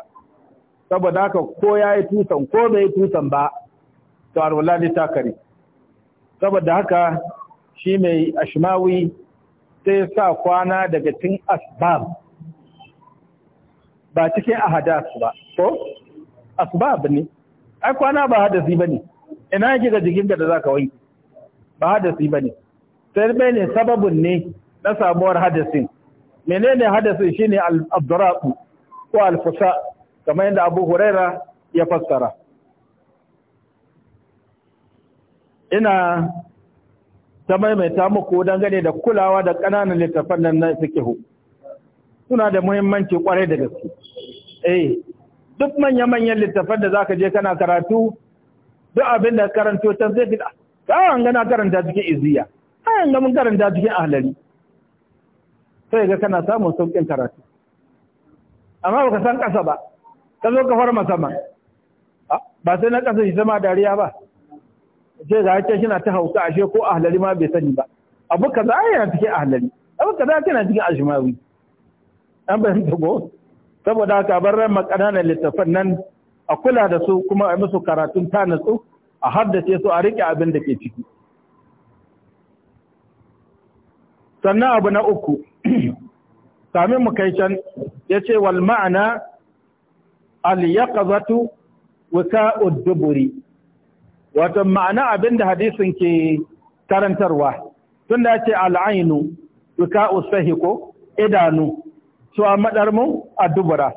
saboda haka ko ya yi tutan ko bai yi tutan ba to alwala ne ta kare saboda haka shi mai ashmawi sai sa kwana daga tin asbab ba cikin ahadas ba ko asbab ne ai kwana ba hadasi bane ina yake ga jikinka da zaka wanki ba hadasi bane sai bai ne sababin ne na samuwar hadasin menene hadasin shine al-abduraqu ko al-fusa kamar yadda Abu Huraira ya fassara ina ta maimaita muku dangane da kulawa da ƙananan littafan nan na fikihu suna da muhimmanci kwarai da gaske eh duk manya-manyan littafan da zaka je kana karatu duk abin da karanto can zai fita kawai gana karanta cikin iziya kayan an mun karanta cikin ahlali. sai ga kana samun sauƙin karatu amma baka san ƙasa ba ka zo ka fara sama ah, ba sai na ƙasa shi zama dariya ba ce ga hacce shi na ta hauka ashe ko ahlali ma bai sani ba abu kaza yana cikin ahlali. abu kaza yana cikin ashmawi an bayyanta go saboda haka bar ran makananan littafan nan a kula da su kuma a musu karatun ta tanatsu a haddace su a rike abin da ke ciki sannan abu na uku sami mu kai can yace wal ma'ana al yaqzatu wika'ud duburi wato ma'ana abin da hadisin ke karantarwa tunda yace al ainu wika'u sahiko idanu cewa mu a dubura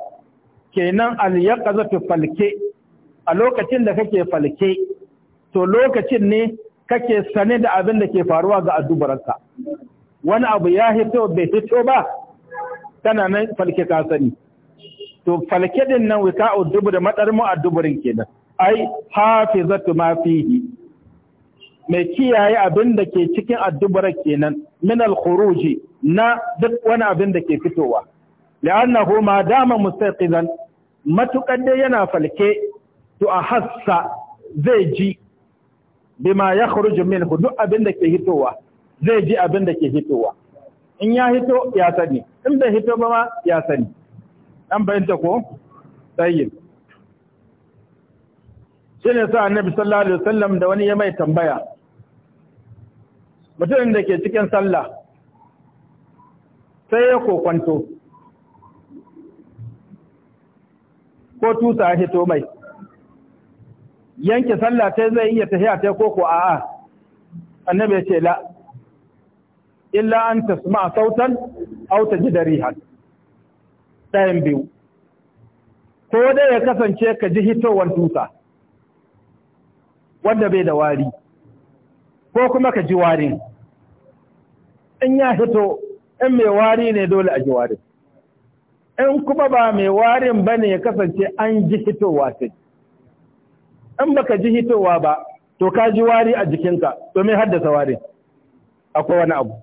kenan fi falke a lokacin da kake falke to lokacin ne kake sane da abin da ke faruwa ga addubaranka wani abu ya hito bai hito ba tana nan falke ka sani to falke din nan wika addubu da a duburin kenan ai hafizatu ma fihi mai kiyaye abin da ke cikin addubara kenan min al-khuruji na duk wani abin da ke fitowa la'annahu ma dama mustaqilan matuƙar dai yana falke to a hassa zai ji bima ya khuruju minhu duk abin da ke hitowa zai ji abin da ke hitowa in ya hito ya sani in da hito ba ma ya sani an bayyanta ko tsayin shi ne sa annabi sallallahu alaihi wasallam da wani ya mai tambaya mutumin da ke cikin sallah sai ya kokwanto ko tusa ya hito mai yanke sallah ta zai iya tafiya ta ko ko a'a annabi ya ce la illa an tasma'a sautan aw tajida rihan ɗayan biyu ko dai ya kasance ka ji hitowar tusa wanda bai da wari ko kuma ka ji warin in ya hito in mai wari ne dole a ji warin in kuma ba mai warin ba ne ya kasance an ji hitowa ta in baka ji hitowa ba to ka ji wari a jikinka to mai haddasa warin akwai wani abu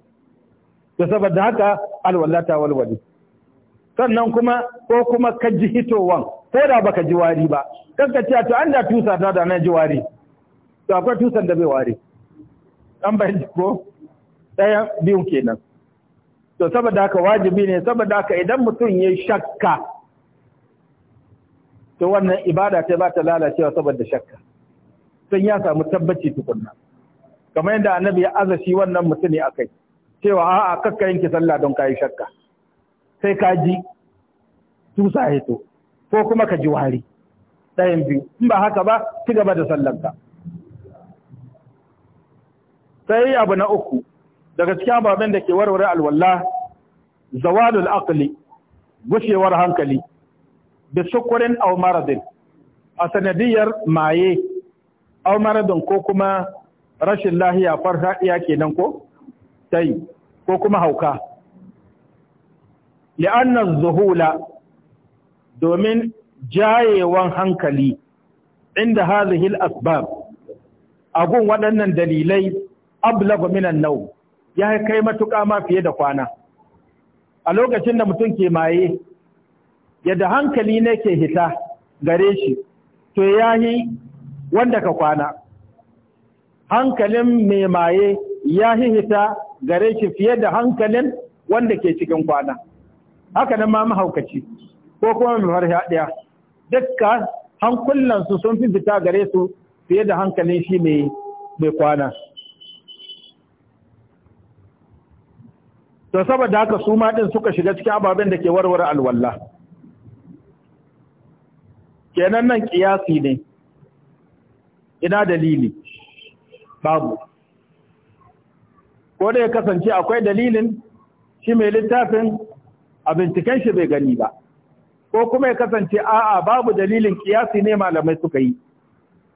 to saboda haka alwallata walwali sannan kuma ko kuma ka ji hitowan ko da baka ji wari ba kanka ce to an da tusa ta da na ji wari to akwai tusan da bai wari an bayan ko ɗaya biyun kenan to saboda haka wajibi ne saboda haka idan mutum ya shakka to wannan ibada ta ba ta lalacewa saboda shakka sai ya samu tabbaci tukunna kamar yadda annabi ya aza shi wannan mutune akai cewa a'a kakka yanke sallah don kai shakka sai ka ji tusa hito ko kuma ka ji wari ɗayan biyu in ba haka ba ci gaba da sallanka sai abu na uku daga cikin ababen da ke warware alwalla zawalul aqli gushewar hankali da sukurin aw maradin a sanadiyar maye aw maradin ko kuma rashin lahiya farfadiya kenan ko tai ko kuma hauka li'anna zuhula domin jayewan hankali inda hazihil asbab agun waɗannan dalilai ablagu minan nau ya kai matuƙa ma fiye da kwana a lokacin da mutum ke maye yadda hankali ne ke hita gare shi to ya yi wanda ka kwana hankalin mai maye ya yi hita gare shi fiye da hankalin wanda ke cikin kwana haka nan ma mahaukaci ko kuma mai farha ɗaya dukka hankulansu sun fi fita gare su fiye da hankalin shi mai kwana to saboda haka su ma din suka shiga cikin ababen da ke warware alwalla kenan nan kiyasi ne ina dalili babu ko da ya kasance akwai dalilin shi mai littafin a binciken shi bai gani ba ko kuma ya kasance a'a babu dalilin kiyasi ne malamai suka yi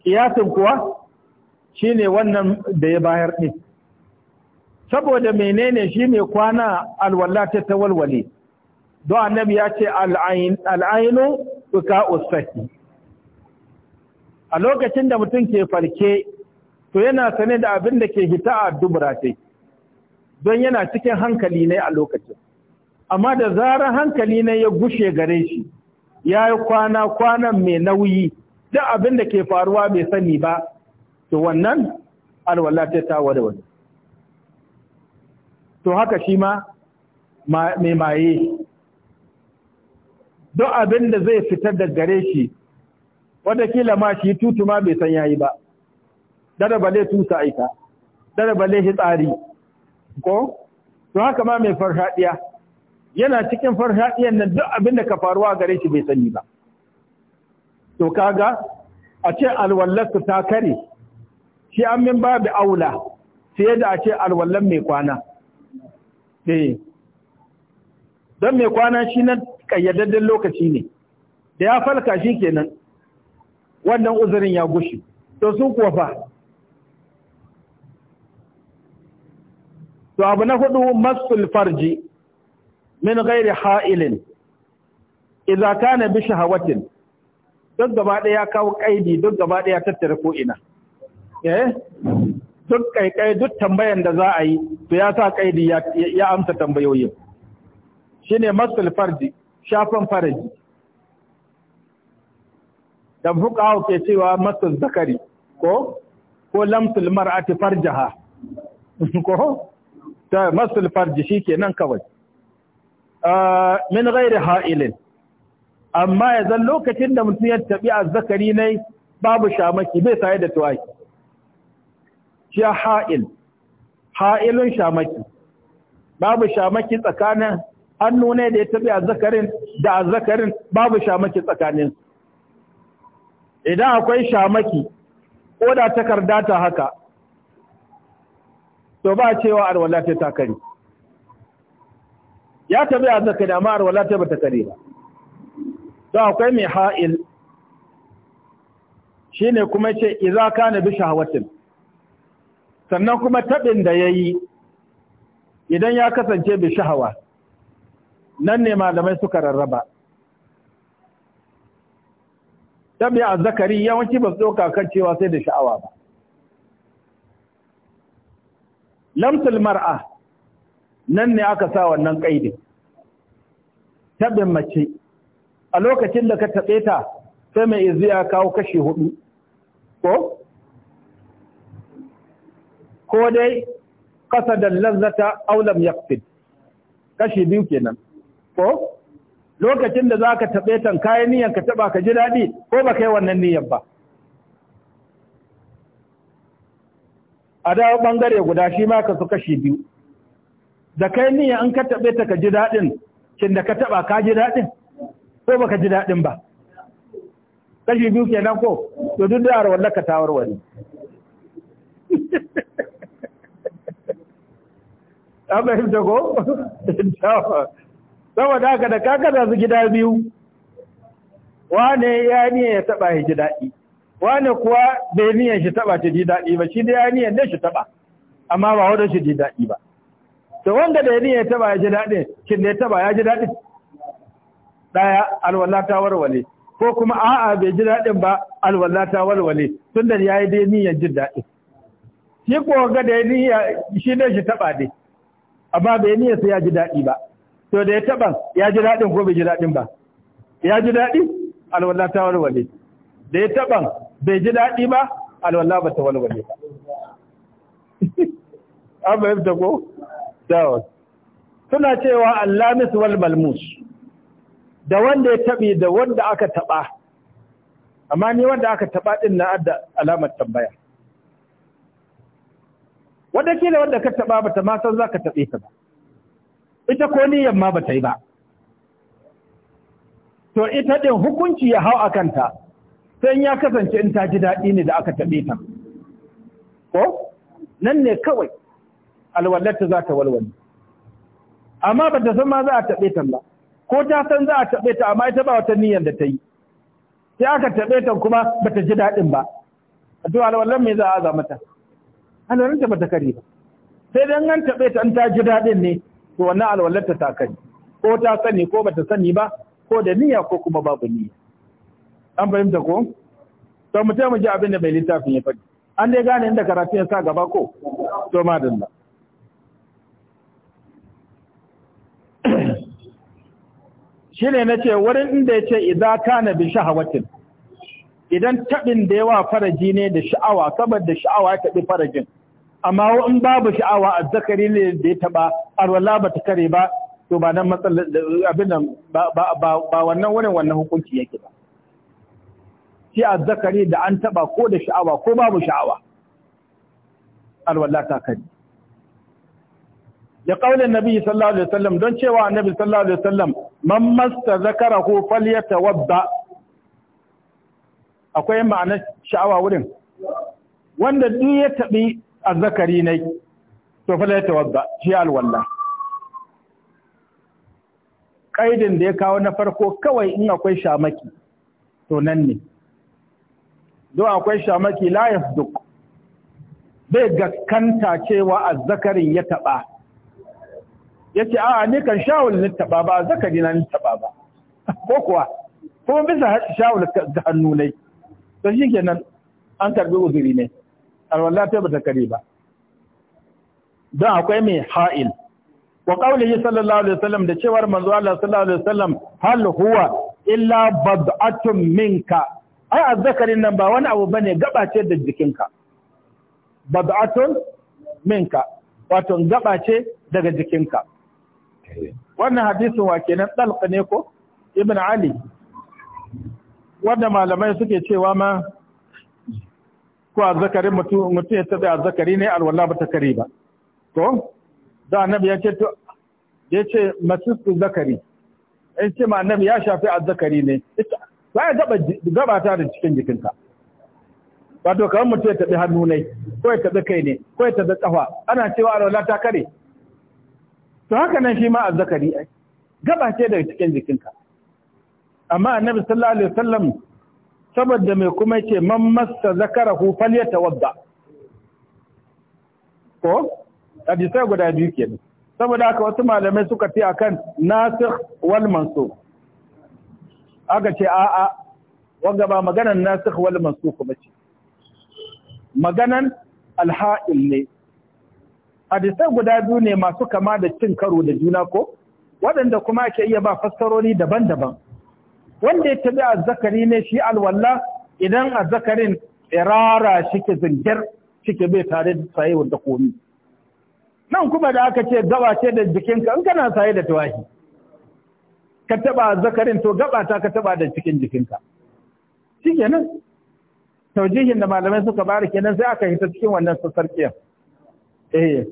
kiyasin kuwa shine wannan da ya bayar ɗin saboda menene shi ne kwana alwala ta tawalwale don annabi ya ce al'ainu suka ustaki a lokacin da mutum ke farke to yana sane da abin da ke hita a dubura ce don yana cikin hankali ne a lokacin amma da zarar hankali ne ya gushe gare shi ya yi kwana kwanan mai nauyi duk abin da ke faruwa mai sani ba to wannan alwala ta tawa to haka shi ma mai maye don abin da zai fitar da gare shi wanda kila ma shi tutu ma bai san yayi ba dada bale tusa aika dada bale hitsari ko to haka ma mai farhaɗiya? yana cikin farhaɗiyan nan duk abin da ka faruwa gare shi bai sani ba to kaga a ce alwallarsu ta kare shi an min babu aula sai da a ce alwallar mai kwana eh don mai kwana shi nan ƙayyadadden lokaci ne da ya falka shi kenan wannan uzurin ya gushi to su kuwa fa to abu na hudu masul farji min gairi ha'ilin ta kana bi shahawatin duk gaba ya kawo kaidi duk gaba ɗaya tattara ko ina eh duk kai-kai duk tambayan da za a yi to ya sa kaidi ya amsa tambayoyin shine masul farji shafan faraji da fuqaha ke cewa masul zakari ko ko lamsul mar'ati farjaha ko ta masul farji nan kawai ah, min gairi ha'ilin amma ya zan lokacin da mutum ya a zakari ne babu shamaki bai saye da tuwaki shi ha'il ha'ilun shamaki babu shamaki tsakanin hannu ne da ya a zakarin da zakarin babu shamaki tsakanin idan akwai shamaki ko da takarda ta haka to ba cewa alwala ta takari ya a azzakari amma alwala ta ba takari ba to akwai mai ha'il shine kuma ce ka kana bi shahawatin sannan kuma taɓin da ya yi idan ya kasance bi shahawa nan ne malamai suka rarraba tabi a zakari yawanci ba su ɗauka kan cewa sai da sha'awa ba lamsul mar'a nan ne aka sa wannan ƙaidin Taɓin mace a lokacin da ka taɓe ta sai mai ya kawo kashi hudu ko ko dai kasa da lazzata aulam fi kashi biyu kenan ko lokacin da ka taɓe tan kayan niyan ka taɓa ka ji daɗi, ko ba kai wannan niyyar ba a dawo ɓangare guda shi ma ka su kashi biyu da kai niyan an ka taɓe ta ka ji daɗin, kin da ka taɓa ka ji daɗin? ko ba ka ji daɗin ba kashi biyu kenan ko to duk da arwallaka wani ta fahimta ko? saboda haka da kakada su gida biyu wane ya niyan ya taba ya ji daɗi wane kuwa bai niyan shi taba ta ji daɗi ba shi da ya niyan da shi taba amma ba wadda shi ji daɗi ba to wanda da ya niyan ya taba ya ji daɗi shi da ya taba ya ji daɗi ɗaya alwala ta warware ko kuma a'a bai ji daɗin ba alwala ta warware tun da ya yi dai niyan jin daɗi shi ko ga da ya niyan shi da shi taba dai amma bai niyya sai ya ji daɗi ba to da ya taɓa ya ji daɗin ko bai ji daɗin ba ya ji daɗi alwala ta walwale da ya taɓa bai ji daɗi ba alwala ba ta walwale ba an fahimta ko dawon suna cewa allamis wal malmus da wanda ya taɓi da wanda aka taɓa amma ni wanda aka taɓa ɗin na adda alamar tambaya ke da wanda ka taɓa bata ma san za ka taɓe ta ba ita ko yamma ma ta yi ba to ita ɗin hukunci ya hau a kanta sai ya kasance in ta ji daɗi ne da aka taɓe ta ko nan ne kawai alwallarta za ta walwani. amma ba ta san ma za a taɓe ta ba ko ta san za a taɓe ta amma ita ba wata niyyar da ta yi sai aka taɓe ta kuma ba ta ji daɗin ba a to alwalar me za a aza mata alwalarta ba ta kare ba sai dan an taɓe ta ta ji daɗin ne to wannan alwalarta ta kare ko ta sani ko bata sani ba ko da niyya ko kuma babu niyya an fahimta ko to mu mu ji abin da bai littafin ya faɗi an dai gane inda karatu ya sa gaba ko to madalla shi shine na wurin inda ya ce kana bi shahawatin idan taɓin da yawa faraji ne da sha'awa saboda sha'awa ya taɓi farajin amma in babu sha'awa a zakari ne da ya taɓa arwala ba ta kare ba to ba nan matsalar abin ba wannan wurin wannan hukunci yake ba shi a zakari da an taɓa ko da sha'awa ko babu sha'awa arwala ta kare da kaulin nabi sallallahu alaihi wasallam don cewa Nabi sallallahu alaihi wasallam man masta ko falyata wabba. akwai ma'anar sha'awa wurin wanda duk ya taɓi azzakari ne to fa la tawadda shi alwala. kaidin da ya kawo na farko kawai in akwai shamaki to nan ne don akwai shamaki la yafduk bai gaskanta cewa azzakarin ya taɓa yace a'a ne kan shawul ni taɓa ba azzakari na ni taɓa ba ko kuwa kuma bisa shawul da hannu ne to shi kenan an karbi uzuri ne alwala ta bata kare ba don akwai mai ha'il wa qaulihi sallallahu alaihi wasallam da cewar manzo Allah sallallahu alaihi wasallam hal huwa illa bad'atun minka ai azzakarin nan ba wani abu bane gabace da jikinka bad'atun minka wato gabace daga jikinka eh. wannan hadisin wa kenan dalqa ne ko ibn ali wanda malamai suke cewa ma ko azzakari mutum mutum ya tabi azzakari ne alwala ba ta kare ba to da annabi ya ce to ya ce masu zakari in ce ma annabi ya shafi azzakari ne ba ya gaba gaba ta da cikin jikinka wato kamar mutum ya tabi hannu ne ko ya tabi kai ne ko ya tabi kafa ana cewa alwala ta kare to haka nan shi ma azzakari ai gaba ce daga cikin jikinka amma annabi sallallahu alaihi wasallam saboda mai kuma yake man massa zakarahu falyatawadda ko hadisai guda biyu kenan saboda haka wasu malamai suka fi akan nasikh wal mansukh aka ce a'a wanga ba maganan nasikh wal mansukh ba ce maganan alha'il ne hadisai guda biyu ne masu kama da cin karo da juna ko waɗanda kuma ake iya ba fassarori daban-daban wanda ya tabi azzakari ne shi alwala, idan azzakarin irara shi ke zingar shi ke bai tare da sayewar da komi nan kuma da aka ce gaba ce da jikinka in kana saye da tawahi ka taba zakarin to gaba ta ka taba da cikin jikinka shikenan taujihin da malamai suka bari kenan sai aka hita cikin wannan sassarƙiyar. eh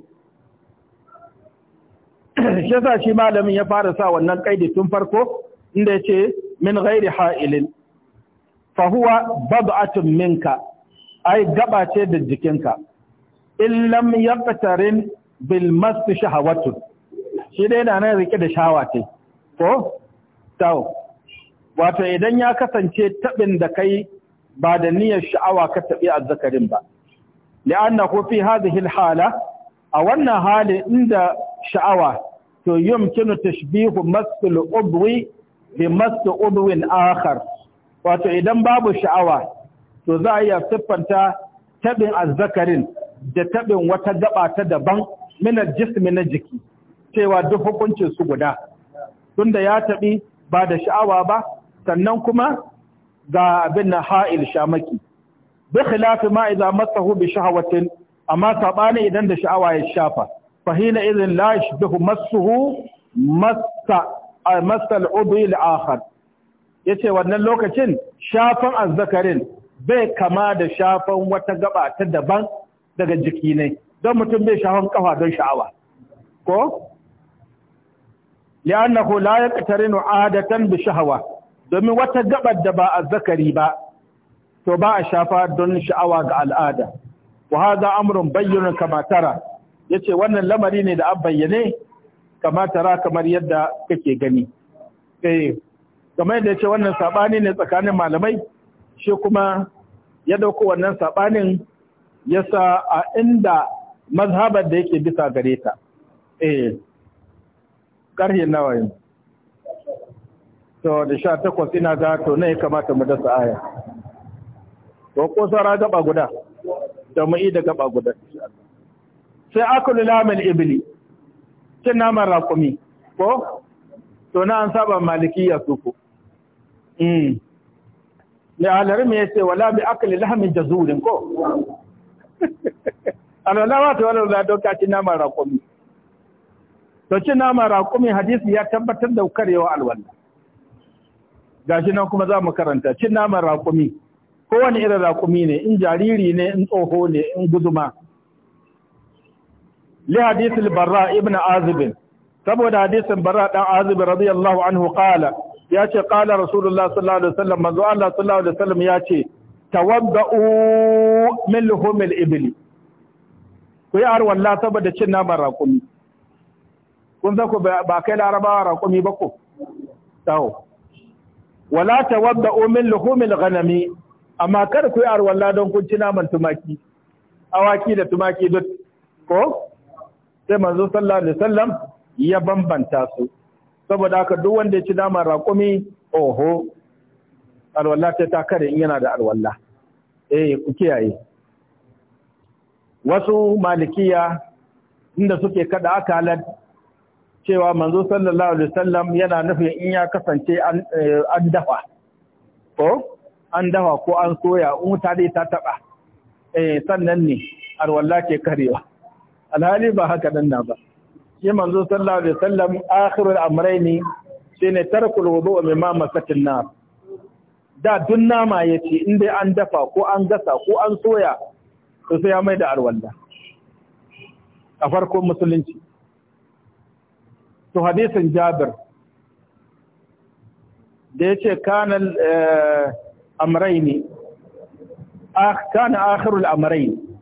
shi yasa shi malamin ya fara sa wannan kaidi tun farko inda yace min ghairi ha'ilin fa huwa bad'atun minka ai gaba ce da jikinka in ya yaqtarin bilmastu mast shahawatun shi dai na nan rike da shawa ko tau wato idan ya kasance taɓin da kai ba da niyyar sha'awa ka a azzakarin ba li'annahu fi hadhihi al-hala a wannan hali inda sha'awa to yumkinu tashbihu masl ubwi bi masu udwin akhar wato idan babu sha'awa to za a iya siffanta tabin azzakarin da tabin wata gaba ta daban minar jismi na jiki cewa duk hukuncin su guda tunda ya taɓi ba da sha'awa ba sannan kuma ga abin na ha'il shamaki bi khilafi ma iza masahu bi shahawatin amma sabani idan da sha'awa ya shafa fahina idan la yashbihu masuhu massa a masal udil Ya yace wannan lokacin shafan azzakarin bai kama da shafan wata gaba ta daban daga jiki ne don mutum bai shafan kafa don sha'awa ko li'annahu la yaqtarinu adatan bi sha'awa. domin wata gabar da ba azzakari ba to ba a shafa don sha'awa ga al'ada wa haza amurin bayyana kama tara yace wannan lamari ne da an bayyane Kamata ra kamar yadda kake gani eh kamar yadda ce wannan saɓani ne tsakanin malamai shi kuma ya dauko wannan saɓanin ya sa a inda mazhabar da yake bisa gare ta eh karhe nawa yanzu to da sha takwas ina ga to ne ya kamata mu dasa aya to ko sara gaba guda da mu yi da gaba guda sai akulu lamal ibli cin naman rakumi ko to na an saba malikiya su ko mm da alarim ya ce wala bi akli lahmin jazurin ko alwala wa ta wala don ka cin naman rakumi to cin naman rakumi hadisi ya tabbatar da karewa alwala gashi nan kuma za mu karanta cin naman rakumi kowane irin rakumi ne in jariri ne in tsoho ne in guduma li hadisil barra ibn azibin saboda hadisin barra dan azibin radiyallahu anhu qala ya ce qala rasulullah sallallahu alaihi wasallam manzo Allah sallallahu alaihi wasallam ya ce tawaddu min al ibli ku yi arwalla saboda cin naman raƙumi kun zaku ba kai larabawa raƙumi ba ko tawo wala tawaddu min al ghanami amma kada ku yi arwalla don kun ci naman tumaki awaki da tumaki duk ko sai manzo sallallahu alaihi wasallam ya bambanta su saboda haka duk wanda ya ci naman raƙumi oho alwala ta ta kare in yana da alwala eh ku kiyaye wasu malikiya inda suke kada akalar cewa manzo sallallahu alaihi wasallam yana nufin in ya kasance an eh, dafa ko an dafa ko an soya in wuta dai ta taba eh sannan ne alwala ke karewa alhali ba haka dan na ba shi manzo sallallahu alaihi wasallam akhirul amrayni shine tarkul wudu'u ma masatin nar da dun nama yace in dai an dafa ko an gasa ko an soya to sai ya mai da arwanda. a farkon musulunci to hadisin Jabir da yace kana eh, amrayni ah, kana akhirul amrayni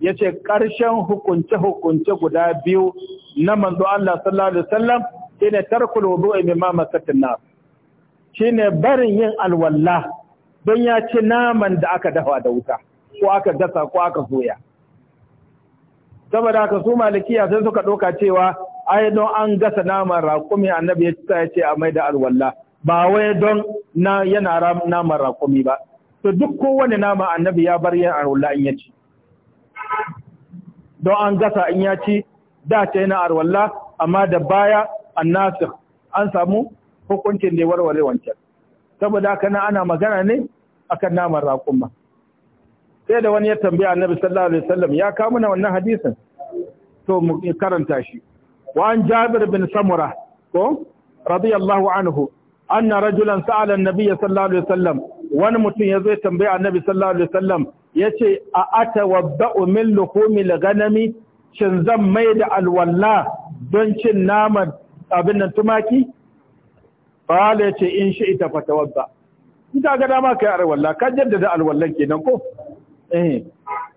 ya ce ƙarshen hukunce-hukunce guda biyu na manzo Allah sallallahu Alaihi wasallam shi ne tarkul mai mimma masakin na shi ne barin yin alwalla don ya ci naman da aka dafa da wuta ko aka gasa ko aka soya saboda aka su malikiya sai suka ɗauka cewa ai don an gasa naman raƙumi annabi ya ce a mai da alwalla ba wai don na yana naman raƙumi ba to duk kowane nama annabi ya bar yin alwalla in ya ci don an gasa in ya ci da ta yana arwalla amma da baya nasu an samu hukuncin da ya warware wancan saboda haka nan ana magana ne akan naman raƙumma. sai da wani ya tambaya annabi sallallahu alaihi wasallam ya kawo mana wannan hadisin to mu karanta shi wa an jabir bin samura ko radiyallahu anhu anna rajulan sa'ala an-nabiy sallallahu alaihi wasallam wani mutum ya zo ya tambaya annabi sallallahu alaihi wasallam ya ce a ata wabda umin lukumi ganami shin zan mai da alwallah don cin naman abin nan tumaki? Fala ya ce in shi ita fata wadda. Ita ga dama ka yi alwalla, da alwallah alwallan kenan ko? Eh.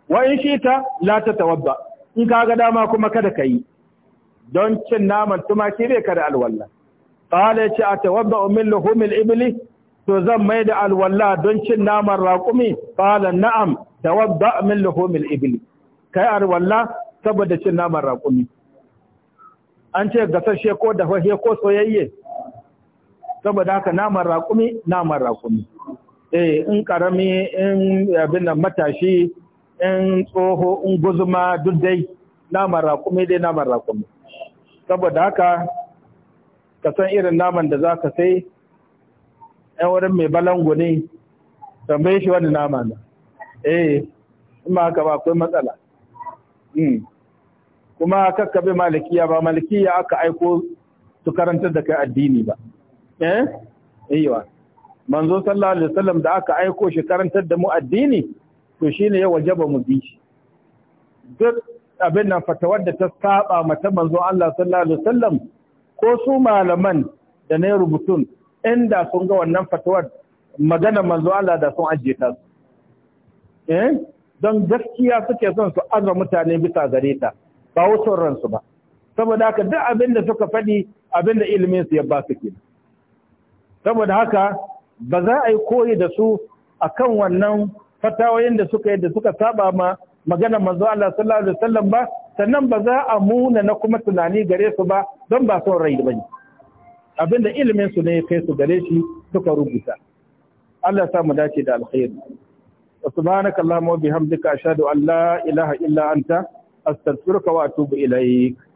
Wa in shi ita la ta wadda. In ka ga dama kuma kada ka yi. Don cin naman tumaki bai kada alwalla. Fala ya ce a ta tawabba umin lukumin ibili to zan mai da alwalla don cin naman raƙumi ƙala na'am da wadda min lahumil ibli kai alwalla saboda cin naman raƙumi an ce gasashe ko dafashe ko soyayye saboda haka naman raƙumi naman raƙumi eh in karami in abin nan matashi in tsoho in guzuma duk dai naman raƙumi dai naman raƙumi saboda haka ka san irin naman da za ka sai ɗan wurin mai balangu ne tambaye shi wani nama na eh in ba haka ba akwai matsala hmm. kuma kakkabe malikiya ba malikiya aka aiko su karanta da kai addini ba eh yiwa manzo sallallahu alaihi wasallam da aka aiko shi karanta da mu addini to shi ne ya ba mu bi shi duk abin nan fatawar da ta saba mata manzo Allah sallallahu alaihi wasallam ko su malaman da na yi rubutun da sun ga wannan fatawar magana manzo Allah da sun ajiye ta su eh don gaskiya suke son su azra mutane bisa gare ta ba wucin ransu ba saboda haka duk abin da suka faɗi abin da ilimin su ya ba su kenan saboda haka ba za a yi koyi da su akan wannan fatawoyin da suka yi da suka saba ma magana manzo Allah sallallahu alaihi wasallam ba sannan ba za a muna na kuma tunani gare su ba don ba son rai bane abinda ilimin su ne kai su gare shi suka rubuta Allah ya mu dace da alkhairi subhanaka allahumma wa bihamdika ashhadu an la ilaha illa anta astaghfiruka wa atubu ilaik